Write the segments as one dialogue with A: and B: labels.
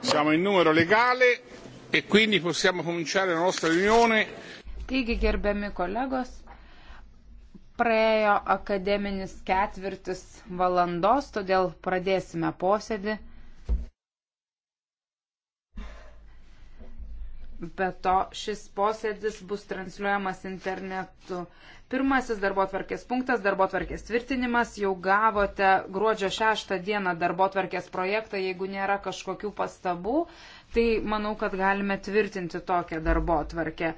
A: Siamo in numero legale e quindi possiamo cominciare la nostra riunione.
B: Taigi, gerbiami kolegos, praėjo akademinis ketvirtis valandos, todėl pradėsime posėdį. Be to, šis posėdis bus transliuojamas internetu. Pirmasis darbo atvarkės punktas - darbo atvarkės tvirtinimas. Jau gavote gruodžio 6 dieną darbo atvarkės projektą, jeigu nėra kažkokių pastabų, tai manau, kad galime tvirtinti tokią darbo atvarkę.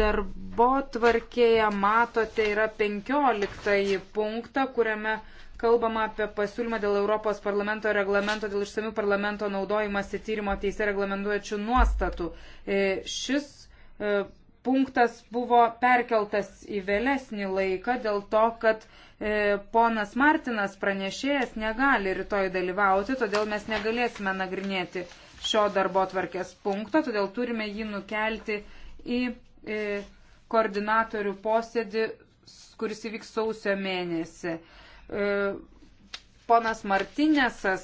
B: Darbo atvarkėje matote yra 15 punktą, kuriame kalbama apie pasiūlymą dėl Europos parlamento reglamento, dėl išsamių parlamento naudojimasi tyrimo teise reglamentuojančių nuostatų. E, šis e, punktas buvo perkeltas į vėlesnį laiką dėl to, kad e, ponas Martinas pranešėjas negali rytoj dalyvauti, todėl mes negalėsime nagrinėti šio darbo tvarkės punkto, todėl turime jį nukelti į koordinatorių posėdį kuris įvyks sausio mėnesį. E, ponas Martinėsas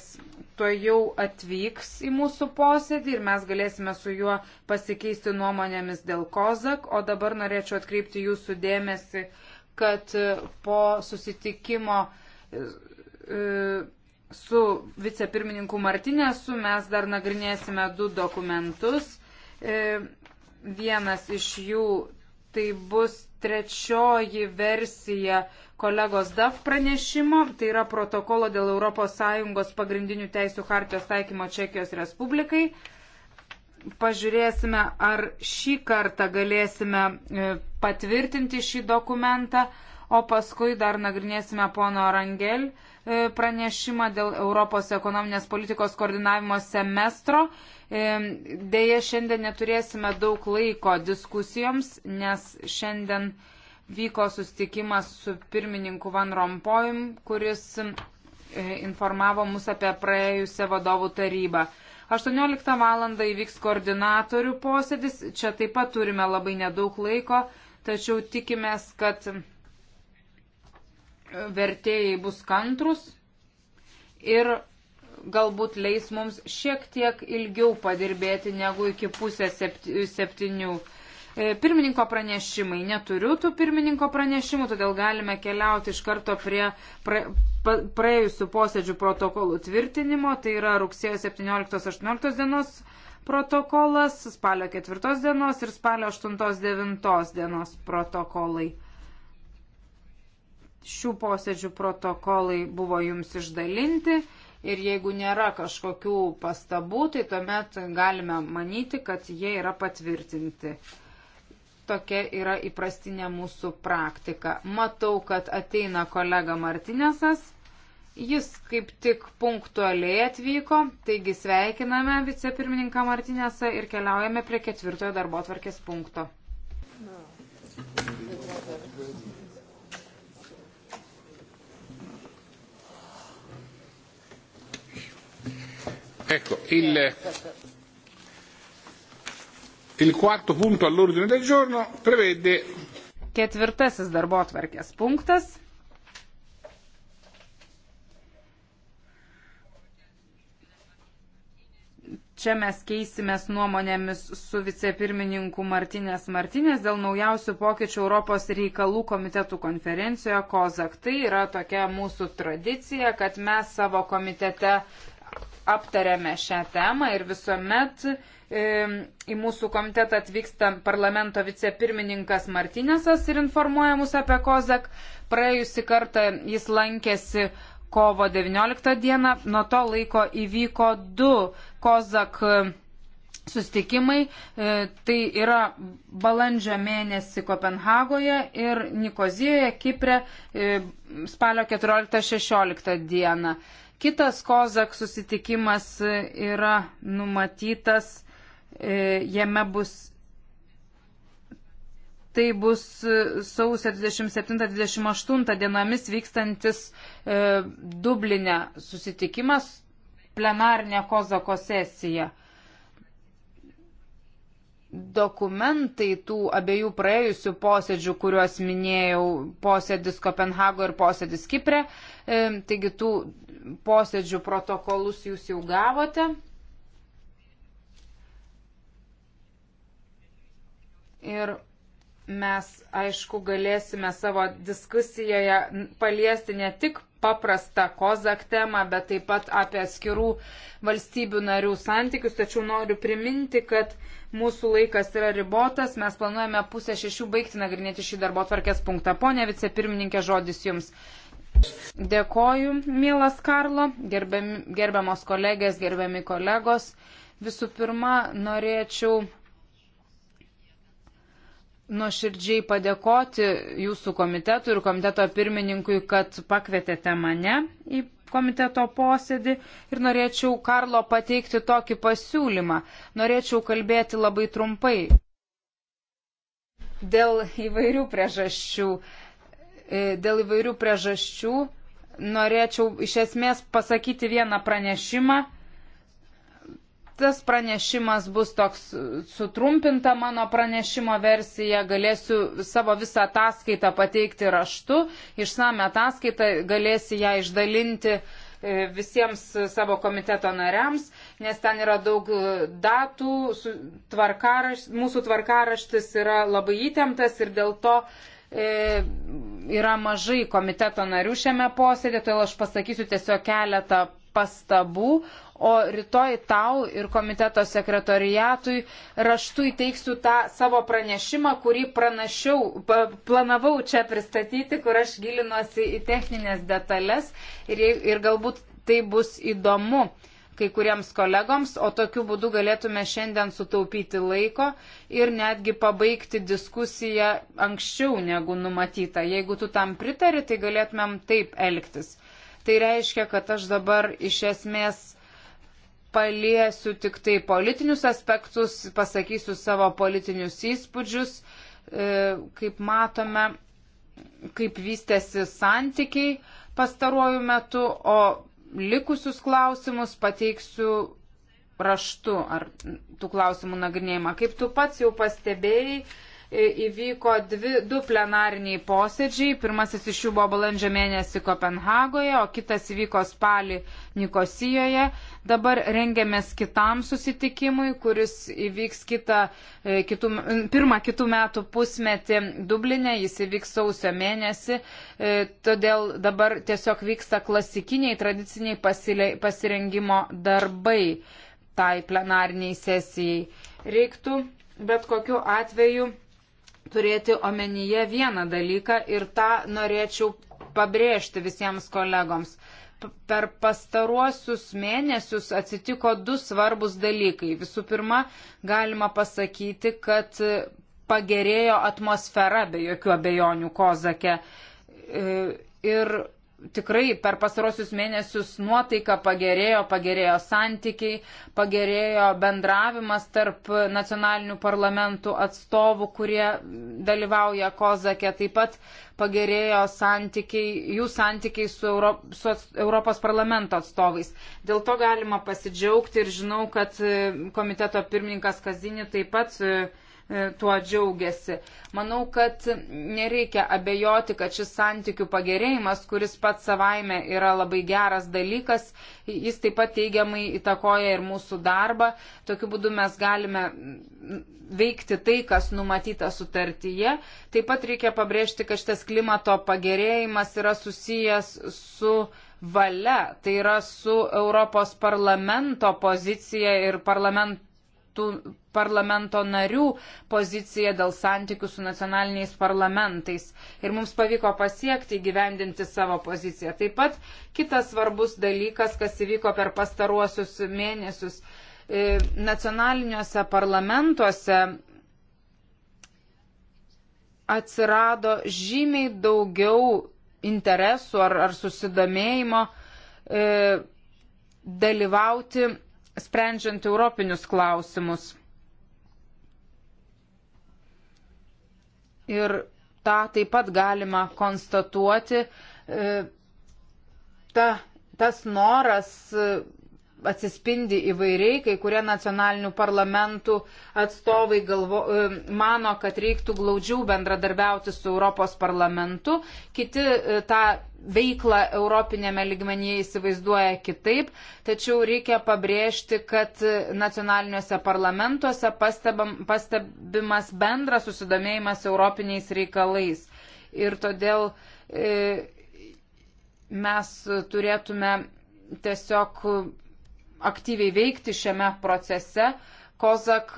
B: to jau atvyks į mūsų posėdį ir mes galėsime su juo pasikeisti nuomonėmis dėl Kozak, o dabar norėčiau atkreipti jūsų dėmesį, kad e, po susitikimo e, su vicepirmininku Martinėsu mes dar nagrinėsime du dokumentus. Vienas iš jų tai bus trečioji versija kolegos DAF pranešimo, tai yra protokolo dėl ES pagrindinių teisų hartijos taikymo Čekijos Respublikai. Pažiūrėsime, ar šį kartą galėsime e, patvirtinti šį dokumentą, o paskui dar nagrinėsime pono Rangel E, pranešimą dėl Europos ekonominės politikos koordinavimo semestro. E, Deja, šiandien neturėsime daug laiko diskusijoms, nes šiandien vyko sustikimas su pirmininku Van Rompojum, kuris e, informavo mus apie praėjusią vadovų tarybą. 18 val. įvyks koordinatorių posėdis, čia taip pat turime labai nedaug laiko, tačiau tikimės, kad vertėjai bus kantrus ir galbūt leis mums šiek tiek ilgiau padirbėti negu iki pusės septynių. E, pirmininko pranešimai. Neturiu tų pirmininko pranešimų, todėl galime keliauti iš karto prie pra, pa, praėjusių posėdžių protokolų tvirtinimo. Tai yra rugsėjo 17-18 dienos protokolas, spalio 4 dienos ir spalio 8-9 dienos protokolai šių posėdžių protokolai buvo jums išdalinti ir jeigu nėra kažkokių pastabų, tai tuomet galime manyti, kad jie yra patvirtinti. Tokia yra įprastinė mūsų praktika. Matau, kad ateina kolega Martinesas. Jis kaip tik punktualiai atvyko, taigi sveikiname vicepirmininką Martinesą ir keliaujame prie ketvirtojo darbo tvarkės punkto.
A: Ecco, il, il quarto punto all'ordine del giorno prevede.
B: Ketvirtasis darbo atvarkės punktas. Čia mes keisimės nuomonėmis su vicepirmininku Martinės Martinės dėl naujausių pokyčių Europos reikalų komitetų konferencijoje COZAK. Tai yra tokia mūsų tradicija, kad mes savo komitete aptarėme šią temą ir visuomet e, į mūsų komitetą atvyksta parlamento vicepirmininkas Martinesas ir informuoja mus apie Kozak. Praėjusi kartą jis lankėsi kovo 19 dieną, nuo to laiko įvyko du Kozak sustikimai, e, tai yra balandžio mėnesį Kopenhagoje ir Nikozijoje, Kipre, e, spalio 14-16 dieną. E, Kitas Kozak susitikimas yra numatytas, e, jame bus. Tai bus e, sausio 27-28 dienomis vykstantis e, Dublinė susitikimas, plenarinė Kozako sesija. Dokumentai tų abiejų praėjusių posėdžių, kuriuos minėjau, posėdis Kopenhago ir posėdis Kiprė, e, taigi tų posėdžių protokolus jūs jau gavote. Ir mes, aišku, galėsime savo diskusijoje paliesti ne tik paprastą kozak temą, bet taip pat apie atskirų valstybių narių santykius. Tačiau noriu priminti, kad mūsų laikas yra ribotas. Mes planuojame pusę šešių baigti nagrinėti šį darbo tvarkės punktą. Pone vicepirmininkė, žodis jums. Dėkoju, mielas Karlo, gerbiam, gerbiamos kolegės, gerbiami kolegos. Visų pirma, norėčiau nuoširdžiai padėkoti jūsų komitetui ir komiteto pirmininkui, kad pakvietėte mane į komiteto posėdį ir norėčiau Karlo pateikti tokį pasiūlymą. Norėčiau kalbėti labai trumpai. Dėl įvairių priežasčių. E, dėl įvairių priežasčių norėčiau iš esmės pasakyti vieną pranešimą. Tas pranešimas bus toks sutrumpinta mano pranešimo versija, galėsiu savo visą ataskaitą pateikti raštu, išsame ataskaitą galėsi ją išdalinti e, visiems savo komiteto nariams, nes ten yra daug datų, tvarkaraš, mūsų tvarkaraštis yra labai įtemptas ir dėl to E, yra mažai komiteto narių šiame posėdė, todėl aš pasakysiu tiesiog keletą pastabų, o rytoj tau ir komiteto sekretoriatui raštu įteiksiu tą savo pranešimą, kurį pranašiau, planavau čia pristatyti, kur aš gilinuosi į techninės detalės ir, ir galbūt tai bus įdomu. E, kai kuriems kolegoms, o tokiu būdu galėtume šiandien sutaupyti laiko ir netgi pabaigti diskusiją anksčiau negu numatyta. Jeigu tu tam pritari, tai galėtumėm taip elgtis. Tai reiškia, kad aš dabar iš esmės paliesiu tik tai politinius aspektus, pasakysiu savo politinius įspūdžius, e, kaip matome, kaip vystėsi santykiai pastaruoju metu, o likusius klausimus pateiksiu raštu ar tų klausimų nagrinėjimą. Kaip tu pats jau pastebėjai, E, įvyko dvi, du plenariniai posėdžiai. Pirmasis iš jų buvo balandžio mėnesį Kopenhagoje, o kitas įvyko spalį Nikosijoje. Dabar rengiamės kitam susitikimui, kuris įvyks kitą, e, kitų, pirmą kitų metų pusmetį Dublinė, jis įvyks sausio mėnesį. E, todėl dabar tiesiog vyksta klasikiniai, tradiciniai pasirengimo darbai tai plenariniai sesijai. Reiktų bet kokiu atveju turėti omenyje vieną dalyką ir tą norėčiau pabrėžti visiems kolegoms. Per pastaruosius mėnesius atsitiko du svarbus dalykai. Visų pirma, galima pasakyti, kad pagerėjo atmosfera be jokių abejonių Kozake. E, ir tikrai per pastarosius mėnesius nuotaika pagerėjo, pagerėjo santykiai, pagerėjo bendravimas tarp nacionalinių parlamentų atstovų, kurie dalyvauja Kozakė, taip pat pagerėjo santykiai, jų santykiai su, Euro, su Europos parlamento atstovais. Dėl to galima pasidžiaugti ir žinau, kad e, komiteto pirmininkas Kazinį taip pat e, E, tuo džiaugiasi. Manau, kad nereikia abejoti, kad šis santykių pagerėjimas, kuris pats savaime yra labai geras dalykas, jis taip pat teigiamai įtakoja ir mūsų darbą. Tokiu būdu mes galime veikti tai, kas numatyta sutartyje. Taip pat reikia pabrėžti, kad šitas klimato pagerėjimas yra susijęs su valia, tai yra su Europos parlamento pozicija ir parlamentų parlamento narių poziciją dėl santykių su nacionaliniais parlamentais. Ir mums pavyko pasiekti gyvendinti savo poziciją. Taip pat kitas svarbus dalykas, kas įvyko per pastaruosius mėnesius. E, nacionaliniuose parlamentuose atsirado žymiai daugiau interesų ar, ar susidomėjimo e, dalyvauti sprendžiant europinius klausimus. ir tą taip pat galima konstatuoti. E, ta, tas noras atsispindi įvairiai, kai kurie nacionalinių parlamentų atstovai galvo, e, mano, kad reiktų glaudžiau bendradarbiauti su Europos parlamentu, kiti e, tą veiklą europinėme ligmenyje įsivaizduoja kitaip, tačiau reikia pabrėžti, kad nacionaliniuose parlamentuose pastebam, pastebimas bendras susidomėjimas europiniais reikalais. Ir todėl e, mes turėtume tiesiog aktyviai veikti šiame procese. Kozak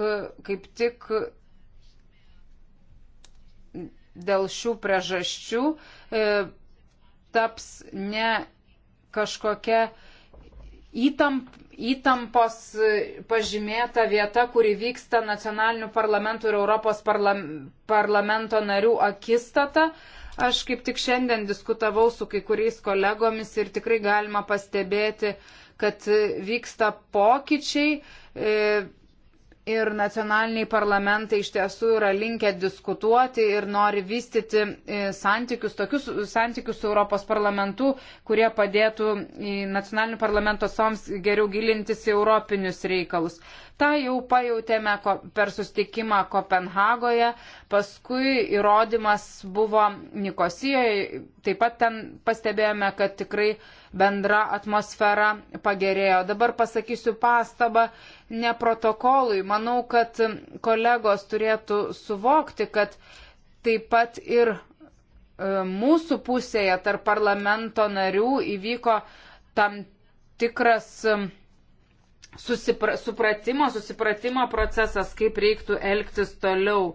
B: kaip tik dėl šių priežasčių e, taps ne kažkokia įtamp, įtampos pažymėta vieta, kuri vyksta nacionalinių parlamentų ir Europos parlam, parlamento narių akistata. Aš kaip tik šiandien diskutavau su kai kuriais kolegomis ir tikrai galima pastebėti, kad vyksta pokyčiai. E, ir nacionaliniai parlamentai iš tiesų yra linkę diskutuoti ir nori vystyti e, santykius, tokius santykius su Europos parlamentu, kurie padėtų nacionalinių parlamento soms geriau gilintis į europinius reikalus. Ta jau pajautėme per sustikimą Kopenhagoje, paskui įrodymas buvo Nikosijoje, taip pat ten pastebėjome, kad tikrai bendra atmosfera pagerėjo. Dabar pasakysiu pastabą ne protokolui. Manau, kad kolegos turėtų suvokti, kad taip pat ir e, mūsų pusėje tarp parlamento narių įvyko tam tikras e, susipra supratimo, susipratimo procesas, kaip reiktų elgtis toliau.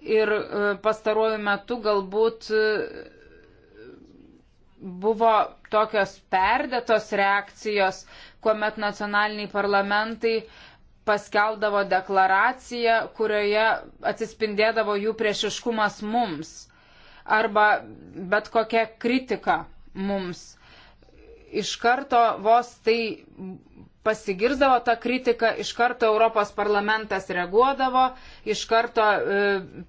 B: Ir e, pastaruoju metu galbūt buvo tokios perdėtos reakcijos, kuomet nacionaliniai parlamentai uh, paskeldavo deklaraciją, kurioje atsispindėdavo jų priešiškumas mums arba bet kokia kritika mums. Iš karto vos tai pasigirdavo ta kritika, iš karto Europos parlamentas reaguodavo, iš karto e,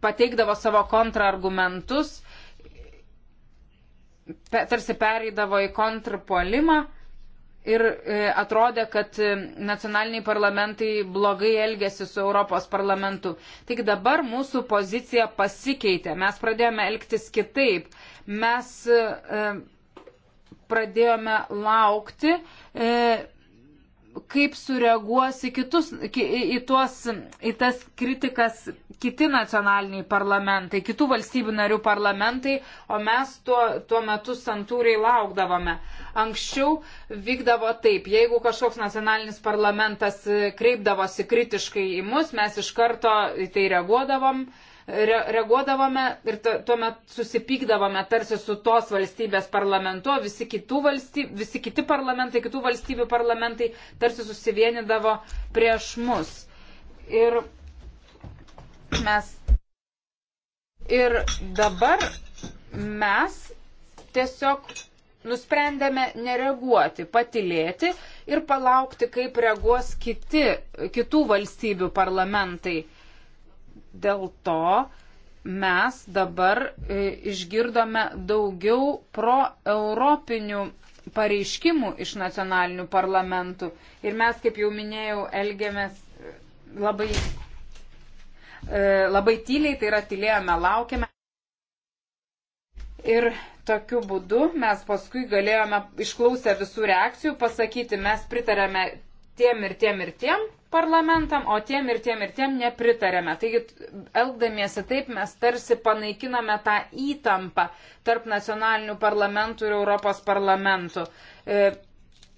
B: pateikdavo savo kontrargumentus, pe, tarsi pereidavo į kontrpuolimą. E, ir e, atrodė, kad e, nacionaliniai parlamentai blogai elgėsi su Europos parlamentu. Tik dabar mūsų pozicija pasikeitė, mes pradėjome elgtis kitaip, mes e, pradėjome laukti kaip sureaguos į, kitus, į, į, tuos, į tas kritikas kiti nacionaliniai parlamentai, kitų valstybių narių parlamentai, o mes tuo, tuo metu santūriai laukdavome. Anksčiau vykdavo taip, jeigu kažkoks nacionalinis parlamentas kreipdavosi kritiškai į mus, mes iš karto į tai reaguodavom. Uh, re reaguodavome ir tuomet susipykdavome tarsi su tos valstybės parlamentu, visi, valstyb, visi kiti parlamentai, kitų valstybių parlamentai tarsi susivienydavo prieš mus. Ir mes. Ir dabar mes tiesiog nusprendėme nereaguoti, patilėti ir palaukti, kaip reaguos kiti, kitų valstybių parlamentai dėl to mes dabar e, išgirdome daugiau proeuropinių pareiškimų iš nacionalinių parlamentų. Ir mes, kaip jau minėjau, elgėmės e, labai, e, labai tyliai, tai yra tylėjome, laukėme. Ir tokiu būdu mes paskui galėjome, išklausę visų reakcijų, pasakyti, mes pritarėme tiem ir tiem ir tiem, parlamentam, o tiem ir tiem ir tiem nepritarėme. Taigi, elgdamiesi taip, mes tarsi panaikiname tą įtampą tarp nacionalinių parlamentų ir Europos parlamentų. E,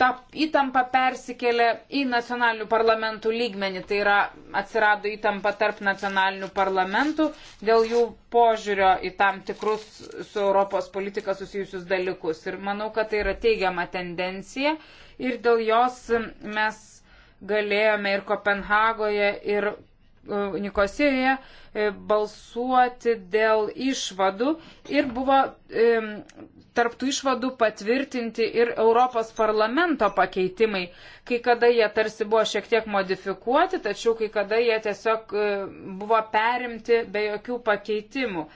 B: ta įtampa persikėlė į nacionalinių parlamentų lygmenį, tai yra atsirado įtampa tarp nacionalinių parlamentų dėl jų požiūrio į tam tikrus su Europos politika susijusius dalykus. Ir manau, kad tai yra teigiama tendencija ir dėl jos mes galėjome ir Kopenhagoje, ir e, Nikosijoje e, balsuoti dėl išvadų ir buvo e, tarptų išvadų patvirtinti ir Europos parlamento pakeitimai. Kai kada jie tarsi buvo šiek tiek modifikuoti, tačiau kai kada jie tiesiog buvo perimti be jokių pakeitimų.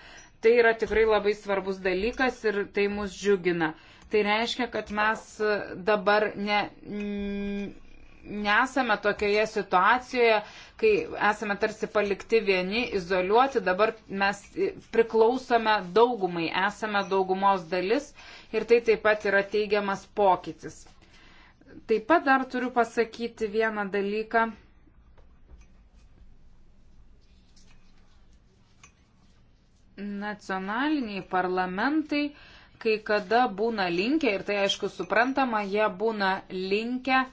B: Tai yra tikrai labai svarbus dalykas ir tai mus džiugina. Tai reiškia, kad mes dabar ne, nesame tokioje situacijoje, kai esame tarsi palikti vieni, izoliuoti, dabar mes priklausome daugumai, esame daugumos dalis ir tai taip pat yra teigiamas pokytis. Taip pat dar turiu pasakyti vieną dalyką. Nacionaliniai parlamentai kai kada būna linkę, ir tai aišku suprantama, jie būna linkę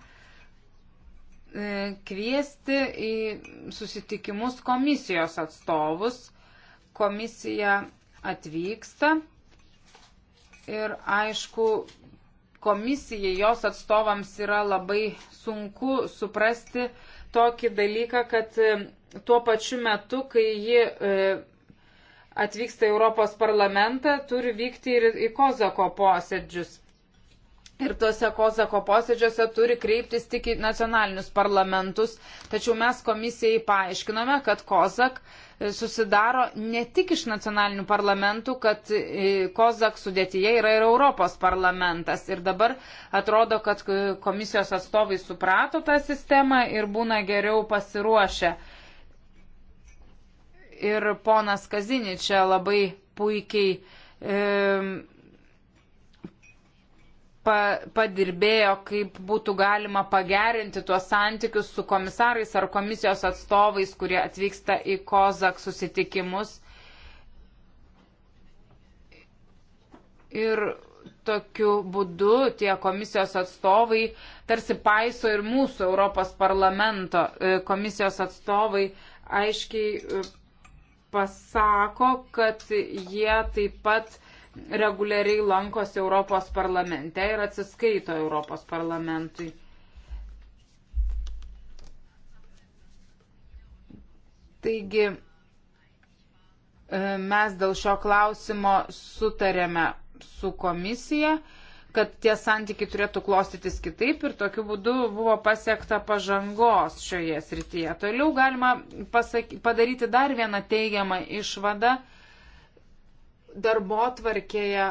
B: E, kviesti į susitikimus komisijos atstovus. Komisija atvyksta ir aišku, komisijai, jos atstovams yra labai sunku suprasti tokį dalyką, kad e, tuo pačiu metu, kai ji e, atvyksta į Europos parlamentą, turi vykti ir į Kozako posėdžius ir tuose Kozako posėdžiuose turi kreiptis tik į nacionalinius parlamentus. Tačiau mes komisijai paaiškinome, kad Kozak e, susidaro ne tik iš nacionalinių parlamentų, kad e, Kozak sudėtyje yra ir Europos parlamentas. Ir dabar atrodo, kad e, komisijos atstovai suprato tą sistemą ir būna geriau pasiruošę. Ir ponas Kazinį čia labai puikiai e, pa, padirbėjo, kaip būtų galima pagerinti tuos santykius su komisarais ar komisijos atstovais, kurie atvyksta į Kozak susitikimus. Ir tokiu būdu tie komisijos atstovai tarsi paiso ir mūsų Europos parlamento e, komisijos atstovai aiškiai e, pasako, kad jie taip pat reguliariai lankosi Europos parlamente ir atsiskaito Europos parlamentui. Taigi e, mes dėl šio klausimo sutarėme su komisija, kad tie santykiai turėtų klostytis kitaip ir tokiu būdu buvo pasiekta pažangos šioje srityje. Toliau galima pasaky, padaryti dar vieną teigiamą išvadą darbo tvarkėje,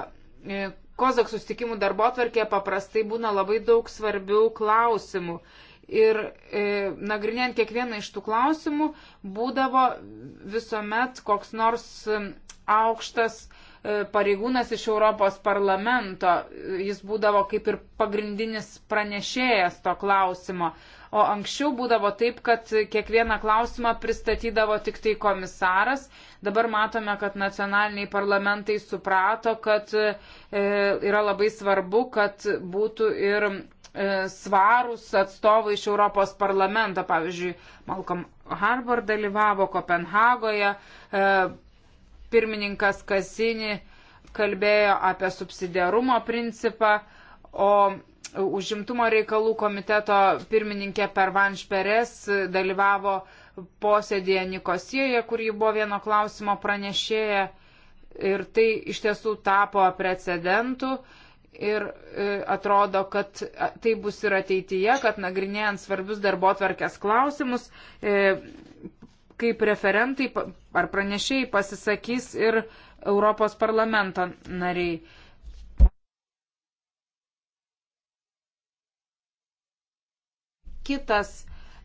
B: e, kozak sustikimų darbo tvarkėje paprastai būna labai daug svarbių klausimų. Ir e, nagrinėjant kiekvieną iš tų klausimų būdavo visuomet koks nors e, aukštas e, pareigūnas iš Europos parlamento, jis būdavo kaip ir pagrindinis pranešėjas to klausimo o anksčiau būdavo taip, kad kiekvieną klausimą pristatydavo tik tai komisaras. Dabar matome, kad nacionaliniai parlamentai suprato, kad e, yra labai svarbu, kad būtų ir e, svarūs atstovai iš Europos parlamento. Pavyzdžiui, Malcolm Harbour dalyvavo Kopenhagoje, e, pirmininkas Kasini kalbėjo apie subsidiarumo principą, o Užimtumo reikalų komiteto pirmininkė Pervanš Peres dalyvavo posėdėje Nikosijoje, kur ji buvo vieno klausimo pranešėja. Ir tai iš tiesų tapo precedentu. Ir e, atrodo, kad tai bus ir ateityje, kad nagrinėjant svarbius darbo tvarkės klausimus, e, kaip referentai ar pranešėjai pasisakys ir Europos parlamento nariai. kitas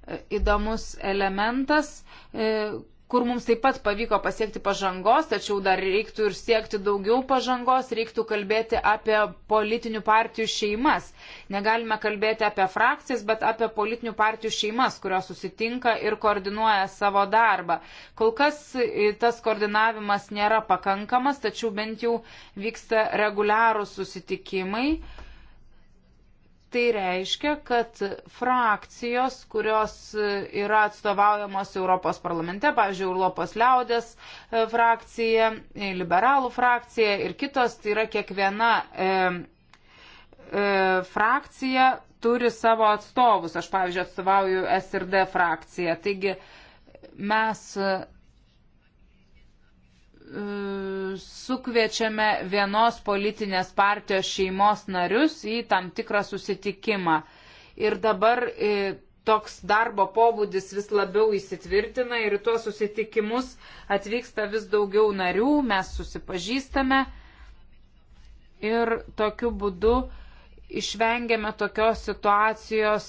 B: e, įdomus elementas, e, kur mums taip pat pavyko pasiekti pažangos, tačiau dar reiktų ir siekti daugiau pažangos, reiktų kalbėti apie politinių partijų šeimas. Negalime kalbėti apie frakcijas, bet apie politinių partijų šeimas, kurios susitinka ir koordinuoja savo darbą. Kol kas e, tas koordinavimas nėra pakankamas, tačiau bent jau vyksta reguliarūs susitikimai. Tai reiškia, kad frakcijos, kurios yra atstovaujamos Europos parlamente, pavyzdžiui, Europos liaudės e, frakcija, e, liberalų frakcija ir kitos, tai yra kiekviena e, e, frakcija turi savo atstovus. Aš, pavyzdžiui, atstovauju SRD frakciją. Taigi mes sukviečiame vienos politinės partijos šeimos narius į tam tikrą susitikimą. Ir dabar e, toks darbo pobūdis vis labiau įsitvirtina ir į tuos susitikimus atvyksta vis daugiau narių, mes susipažįstame ir tokiu būdu išvengiame tokios situacijos,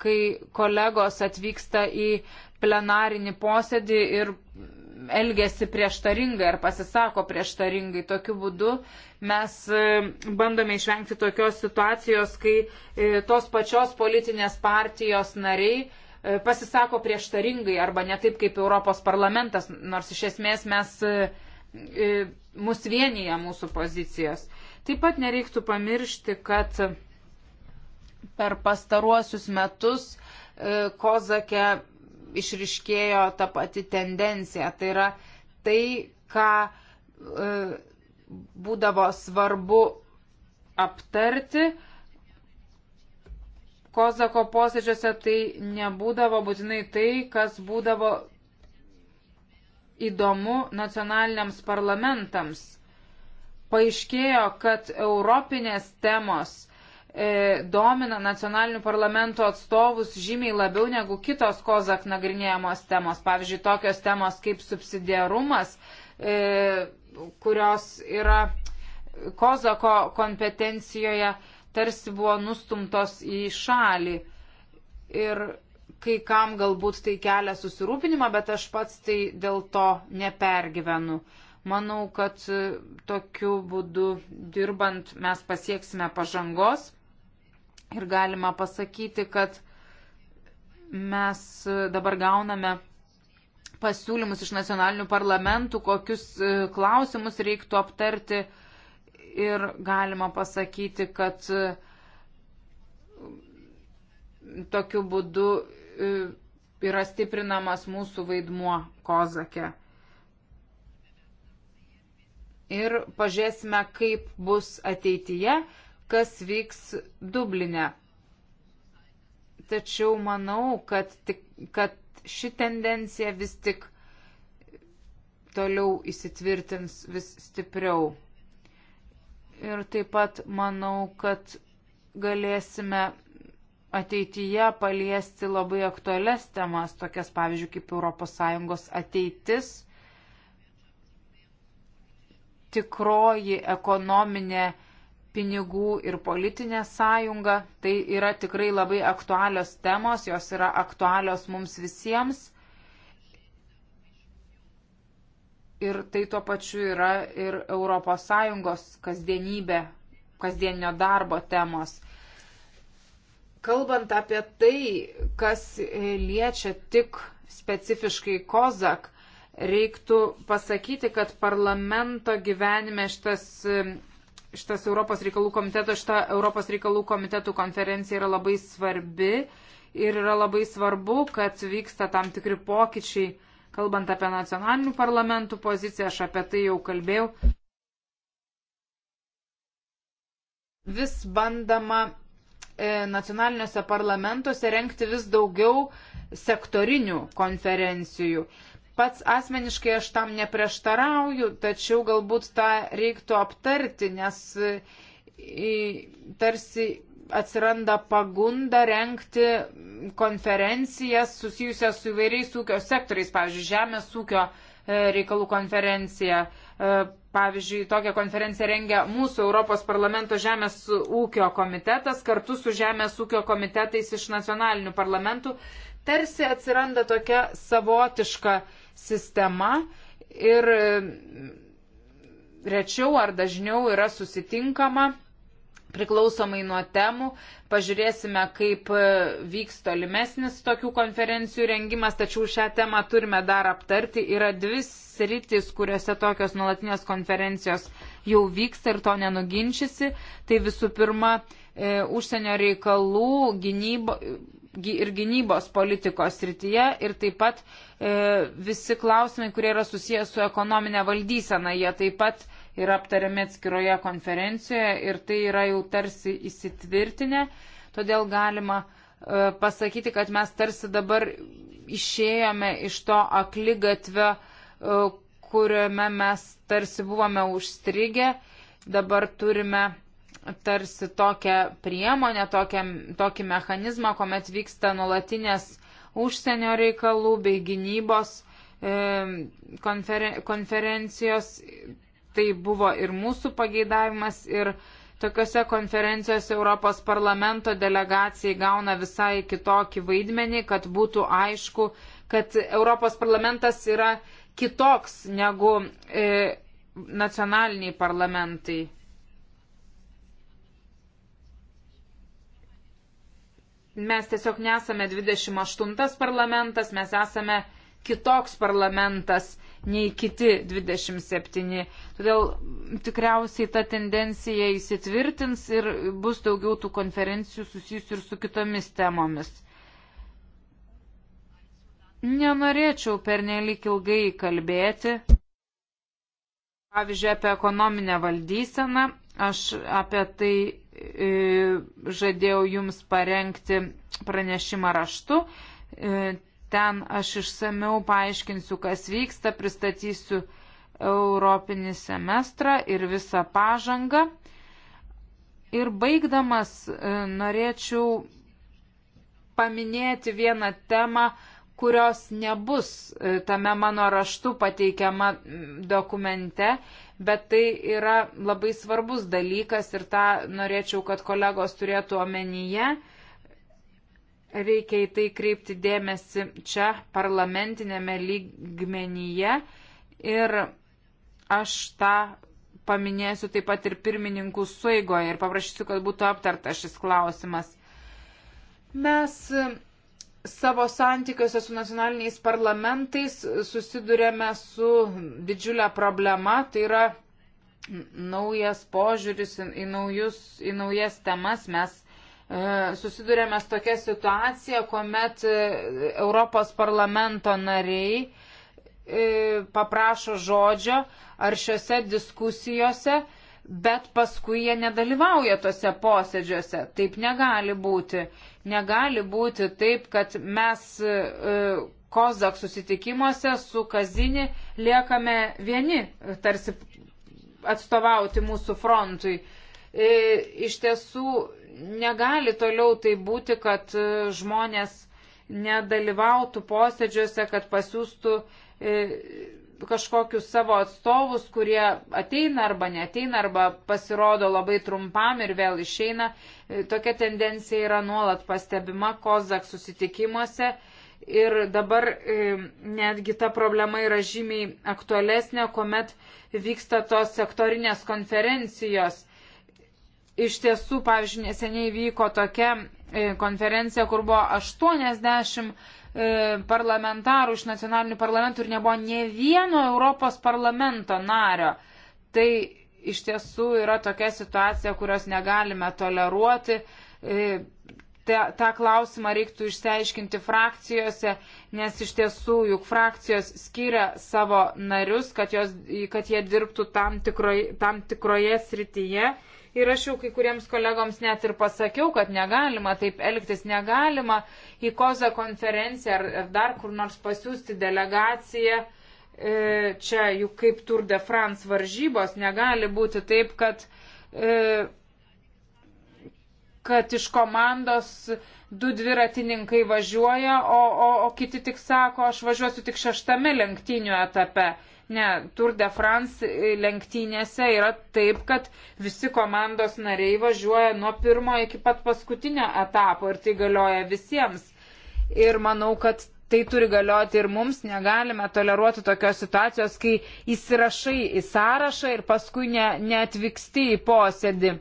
B: kai kolegos atvyksta į plenarinį posėdį ir elgesi prieštaringai ar pasisako prieštaringai. Tokiu būdu mes e, bandome išvengti tokios situacijos, kai e, tos pačios politinės partijos nariai e, pasisako prieštaringai arba ne taip kaip Europos parlamentas, nors iš esmės mes mus vienyje mūsų pozicijos. Taip pat nereiktų pamiršti, kad per pastaruosius metus Kozakė išriškėjo ta pati tendencija. Tai yra tai, ką e, būdavo svarbu aptarti. Kozako posėdžiuose tai nebūdavo būtinai tai, kas būdavo įdomu nacionaliniams parlamentams. Paaiškėjo, kad europinės temos E, domina nacionalinių parlamentų atstovus žymiai labiau negu kitos kozak nagrinėjamos temos. Pavyzdžiui, tokios temos kaip subsidiarumas, e, kurios yra kozako kompetencijoje, tarsi buvo nustumtos į šalį. Ir kai kam galbūt tai kelia susirūpinimą, bet aš pats tai dėl to nepergyvenu. Manau, kad tokiu būdu dirbant mes pasieksime pažangos Ir galima pasakyti, kad mes dabar gauname pasiūlymus iš nacionalinių parlamentų, kokius e, klausimus reiktų aptarti. Ir galima pasakyti, kad e, tokiu būdu e, yra stiprinamas mūsų vaidmuo Kozakė. Ir pažiūrėsime, kaip bus ateityje, kas vyks Dubline. Tačiau manau, kad, tik, kad ši tendencija vis tik toliau įsitvirtins vis stipriau. Ir taip pat manau, kad galėsime ateityje paliesti labai aktualias temas, tokias pavyzdžiui kaip ES ateitis, tikroji ekonominė pinigų ir politinė sąjunga. Tai yra tikrai labai aktualios temos, jos yra aktualios mums visiems. Ir tai tuo pačiu yra ir ES kasdienybė, kasdieninio darbo temos. Kalbant apie tai, kas liečia tik specifiškai Kozak, reiktų pasakyti, kad parlamento gyvenime šitas šitas Europos reikalų komiteto, šita Europos reikalų komitetų konferencija yra labai svarbi ir yra labai svarbu, kad vyksta tam tikri pokyčiai, kalbant apie nacionalinių parlamentų poziciją, aš apie tai jau kalbėjau. Vis bandama e, nacionaliniuose parlamentuose renkti vis daugiau sektorinių konferencijų. E, Pats asmeniškai aš tam neprieštarauju, tačiau galbūt tą reiktų aptarti, nes e, tarsi atsiranda pagunda renkti konferencijas susijusias su įvairiais ūkio sektoriais, pavyzdžiui, žemės ūkio e, reikalų konferencija. E, pavyzdžiui, tokią konferenciją rengia mūsų Europos parlamento žemės ūkio komitetas kartu su žemės ūkio komitetais iš nacionalinių parlamentų. Tarsi atsiranda tokia savotiška uh, sistema ir rečiau ar dažniau yra susitinkama priklausomai nuo temų. Pažiūrėsime, kaip e, vyks tolimesnis tokių konferencijų rengimas, tačiau šią temą turime dar aptarti. Yra dvi sritis, kuriuose tokios nuolatinės konferencijos jau vyksta ir to nenuginčysi. Tai visų pirma, e, užsienio reikalų, gynybo, ir gynybos politikos srityje ir taip pat e, visi klausimai, kurie yra susijęs su ekonominė valdysena, jie taip pat yra aptariami atskiroje konferencijoje ir tai yra jau tarsi įsitvirtinę, todėl galima e, pasakyti, kad mes tarsi dabar išėjome iš to aklygatvio, e, kuriame mes tarsi buvome užstrigę, dabar turime tarsi tokią priemonę, tokią, tokį mechanizmą, kuomet vyksta nuolatinės užsienio reikalų bei gynybos e, konferen konferencijos. Tai buvo ir mūsų pageidavimas ir tokiuose konferencijose Europos parlamento delegacijai gauna visai kitokį vaidmenį, kad būtų aišku, kad Europos parlamentas yra kitoks negu e, nacionaliniai parlamentai. Mes tiesiog nesame 28 parlamentas, mes esame kitoks parlamentas nei kiti 27. Todėl tikriausiai ta tendencija įsitvirtins ir bus daugiau tų konferencijų susijusių ir su kitomis temomis. Nenorėčiau pernelik ilgai kalbėti. Pavyzdžiui, apie ekonominę valdyseną, aš apie tai E, žadėjau Jums parengti pranešimą raštu. E, ten aš išsameu paaiškinsiu, kas vyksta, pristatysiu Europinį semestrą ir visą pažangą. Ir baigdamas e, norėčiau paminėti vieną temą, kurios nebus tame mano raštu pateikiama dokumente bet tai yra labai svarbus dalykas ir tą norėčiau, kad kolegos turėtų omenyje. Reikia į tai kreipti dėmesį čia, parlamentinėme lygmenyje. Ir aš tą paminėsiu taip pat ir pirmininkų suigoje ir paprašysiu, kad būtų aptartas šis klausimas. Mes savo santykiuose su nacionaliniais parlamentais susidurėme su didžiulė problema, tai yra naujas požiūris į, naujus, į naujas temas. Mes e, susidurėme su tokia situacija, kuomet e, Europos parlamento nariai e, paprašo žodžio ar šiuose diskusijose, bet paskui jie nedalyvauja tose posėdžiuose. Taip negali būti. Negali būti taip, kad mes e, Kozak susitikimuose su Kazini liekame vieni, tarsi atstovauti mūsų frontui. E, iš tiesų negali toliau tai būti, kad e, žmonės nedalyvautų posėdžiuose, kad pasiūstų kažkokius savo atstovus, kurie ateina arba neteina, arba pasirodo labai trumpam ir vėl išeina. E, tokia tendencija yra nuolat pastebima Kozak susitikimuose. Ir dabar e, netgi ta problema yra žymiai aktualesnė, kuomet vyksta tos sektorinės konferencijos. Iš tiesų, pavyzdžiui, neseniai vyko tokia E, konferencija, kur buvo 80 e, parlamentarų iš nacionalinių parlamentų ir nebuvo ne vieno Europos parlamento nario. Tai iš tiesų yra tokia situacija, kurios negalime toleruoti. E, ta, tą klausimą reiktų išsiaiškinti frakcijose, nes iš tiesų juk frakcijos skiria savo narius, kad, jos, kad jie dirbtų tam, tikroj, tam tikroje srityje Ir aš jau kai kuriems kolegoms net ir pasakiau, kad negalima taip elgtis, negalima į kozą konferenciją ar, ar dar kur nors pasiūsti delegaciją. E, čia juk kaip Tour de France varžybos negali būti taip, kad, e, kad iš komandos du dviratininkai važiuoja, o, o, o kiti tik sako, aš važiuosiu tik šeštame lenktynių etape. E, Ne, Tour de France lenktynėse yra taip, kad visi komandos nariai važiuoja nuo pirmo iki pat paskutinio etapo ir tai galioja visiems. Ir manau, kad tai turi galioti ir mums, negalime toleruoti tokios situacijos, kai įsirašai į sąrašą ir paskui ne, neatvyksti į posėdį.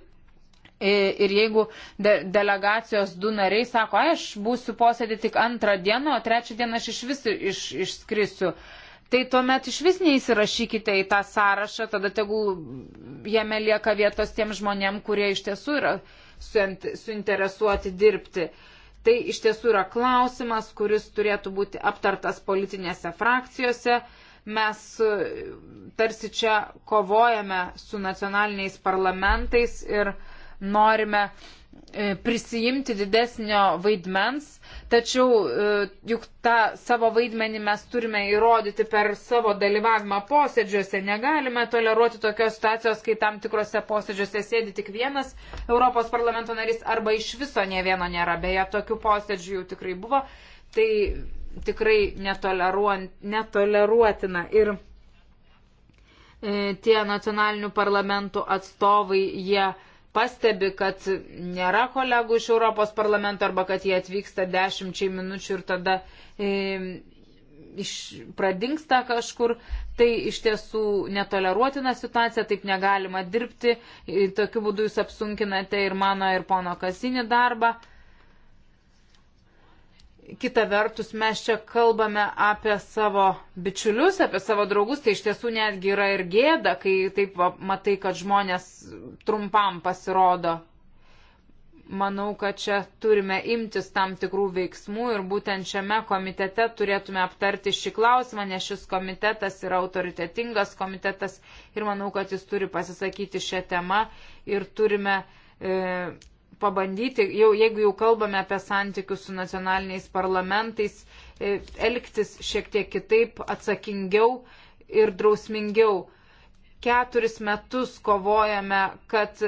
B: Ir jeigu de delegacijos du nariai sako, aš būsiu posėdį tik antrą dieną, o trečią dieną aš iš vis iš išskrisiu. Iš tai tuomet iš vis neįsirašykite į tą sąrašą, tada tegul jame lieka vietos tiem žmonėm, kurie iš tiesų yra suinteresuoti dirbti. Tai iš tiesų yra klausimas, kuris turėtų būti aptartas politinėse frakcijose. Mes e, tarsi čia kovojame su nacionaliniais parlamentais ir norime uh, E, prisijimti didesnio vaidmens, tačiau e, juk tą savo vaidmenį mes turime įrodyti per savo dalyvavimą posėdžiuose. Negalime toleruoti tokios situacijos, kai tam tikrose posėdžiuose sėdi tik vienas Europos parlamento narys arba iš viso ne vieno nėra. Beje, tokių posėdžių jau tikrai buvo. Tai tikrai netoleruotina. Ir e, tie nacionalinių parlamentų atstovai, jie pastebi, kad nėra kolegų iš Europos parlamento arba kad jie atvyksta dešimčiai minučių ir tada e, iš, pradingsta kažkur, tai iš tiesų netoleruotina situacija, taip negalima dirbti, tokiu būdu jūs apsunkinate ir mano, ir pono kasinį darbą kita vertus mes čia kalbame apie savo bičiulius, apie savo draugus, tai iš tiesų netgi yra ir gėda, kai taip va, matai, kad žmonės trumpam pasirodo. Manau, kad čia turime imtis tam tikrų veiksmų ir būtent šiame komitete turėtume aptarti šį klausimą, nes šis komitetas yra autoritetingas komitetas ir manau, kad jis turi pasisakyti šią temą ir turime e, pabandyti, jau, jeigu jau kalbame apie santykius su nacionaliniais parlamentais, e, elgtis šiek tiek kitaip, atsakingiau ir drausmingiau. Keturis metus kovojame, kad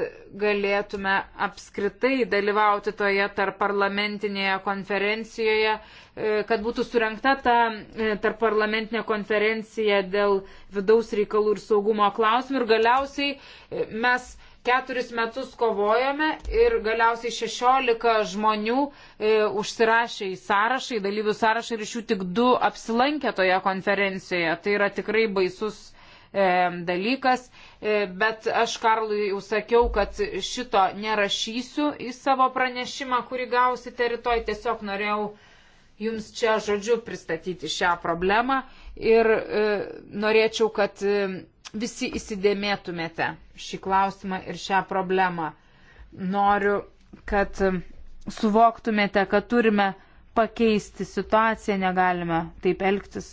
B: galėtume apskritai dalyvauti toje tarp parlamentinėje konferencijoje, e, kad būtų surinkta ta e, tarp parlamentinė konferencija dėl vidaus reikalų ir saugumo klausimų ir galiausiai mes keturis metus kovojome ir galiausiai 16 žmonių e, užsirašė į sąrašą, į dalyvių sąrašą ir iš jų tik du apsilankė toje konferencijoje. Tai yra tikrai baisus e, dalykas, e, bet aš Karlui jau sakiau, kad šito nerašysiu į savo pranešimą, kurį gausite rytoj, tiesiog norėjau jums čia žodžiu pristatyti šią problemą ir e, norėčiau, kad e, visi įsidėmėtumėte šį klausimą ir šią problemą. Noriu, kad um, suvoktumėte, kad turime pakeisti situaciją, negalime taip elgtis,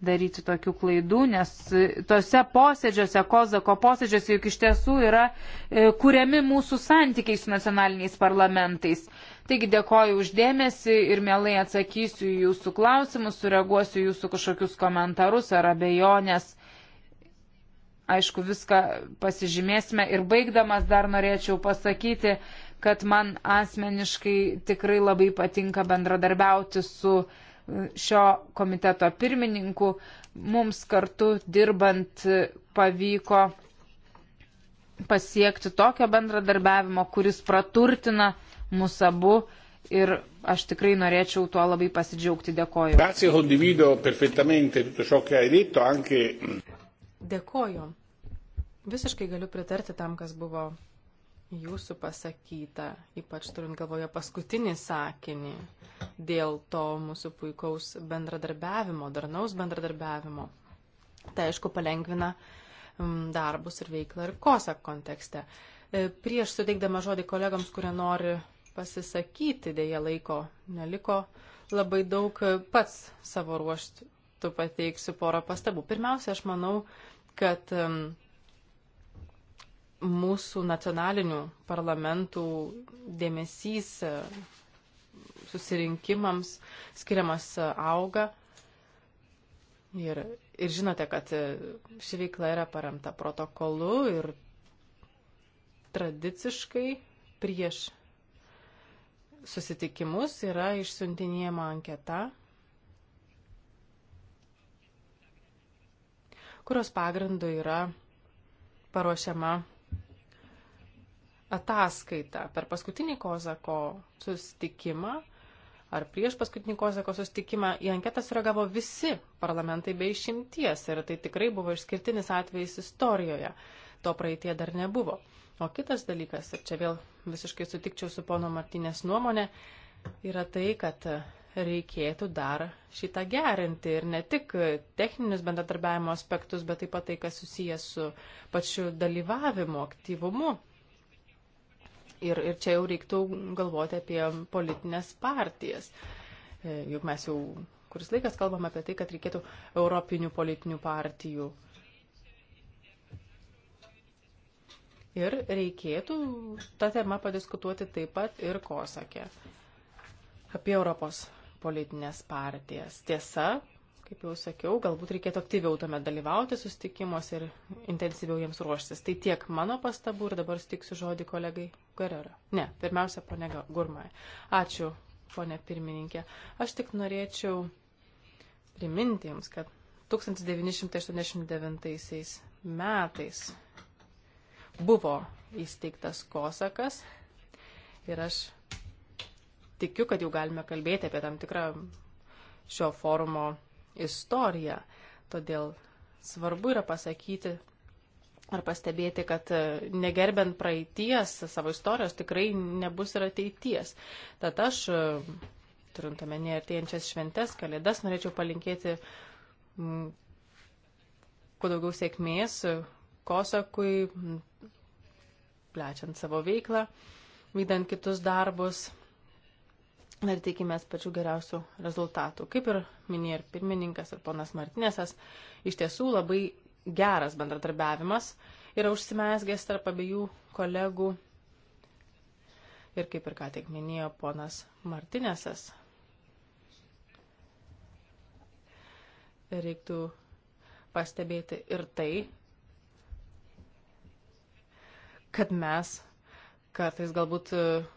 B: daryti tokių klaidų, nes e, tose posėdžiuose, Kozako posėdžiuose juk iš tiesų yra e, kuriami mūsų santykiai su nacionaliniais parlamentais. Taigi dėkoju uždėmesi ir mielai atsakysiu jūsų klausimus, sureaguosiu jūsų kažkokius komentarus ar abejonės aišku, viską pasižymėsime. Ir baigdamas dar norėčiau pasakyti, kad man asmeniškai tikrai labai patinka bendradarbiauti su e, šio komiteto pirmininku. Mums kartu dirbant e, pavyko pasiekti tokio bendradarbiavimo, kuris praturtina mūsų abu ir aš tikrai norėčiau tuo labai pasidžiaugti. Dėkoju. Dėkoju.
C: Visiškai galiu pritarti tam, kas buvo jūsų pasakyta, ypač turint galvoje paskutinį sakinį dėl to mūsų puikaus bendradarbiavimo, darnaus bendradarbiavimo. Tai aišku palengvina mm, darbus ir veiklą ir kosak kontekste. E, prieš suteikdama žodį kolegams, kurie nori pasisakyti, dėja laiko neliko labai daug, pats savo ruoštų pateiksiu porą pastabų. Pirmiausia, aš manau, kad mm, mūsų nacionalinių parlamentų dėmesys e, susirinkimams skiriamas e, auga. Ir, ir žinote, kad e, ši veikla yra paremta protokolu ir tradiciškai prieš susitikimus yra išsiuntinėjama anketa, kurios pagrindu yra paruošiama ataskaitą per paskutinį Kozako sustikimą ar prieš paskutinį Kozako sustikimą į anketą sureagavo visi parlamentai be išimties ir tai tikrai buvo išskirtinis atvejis istorijoje. To praeitie dar nebuvo. O kitas dalykas, ir čia vėl visiškai sutikčiau su pono Martinės nuomonė, yra tai, kad reikėtų dar šitą gerinti ir ne tik techninius bendradarbiavimo aspektus, bet taip pat tai, kas susijęs su pačiu dalyvavimu, aktyvumu Ir, ir čia jau reiktų galvoti apie politinės partijas. E, juk mes jau kuris laikas kalbam apie tai, kad reikėtų europinių politinių partijų. Ir reikėtų tą temą padiskutuoti taip pat ir Kosakė apie Europos politinės partijas. Tiesa, kaip jau sakiau, galbūt reikėtų aktyviau tuomet dalyvauti sustikimuose ir intensyviau jiems ruoštis. Tai tiek mano pastabų ir dabar stiksiu žodį kolegai Guerrero. Ne, pirmiausia, ponė Gurmai. Ačiū, ponė pirmininkė. Aš tik norėčiau priminti jums, kad 1989 metais buvo įsteigtas Kosakas ir aš tikiu, kad jau galime kalbėti apie tam tikrą šio forumo istoriją. Todėl svarbu yra pasakyti ar pastebėti, kad e, negerbent praeities savo istorijos tikrai nebus ir ateities. Tad aš, e, turint omenyje artėjančias šventes, kalėdas, norėčiau palinkėti m, kuo daugiau sėkmės e, Kosakui, plečiant savo veiklą, vykdant kitus darbus ir tikimės pačių geriausių rezultatų. Kaip ir minėjo ir pirmininkas, ir ponas Martinėsas, iš tiesų labai geras bendradarbiavimas yra užsimesgęs tarp abiejų kolegų. Ir kaip ir ką tik minėjo ponas Martinėsas, reiktų pastebėti ir tai, kad mes kartais galbūt uh,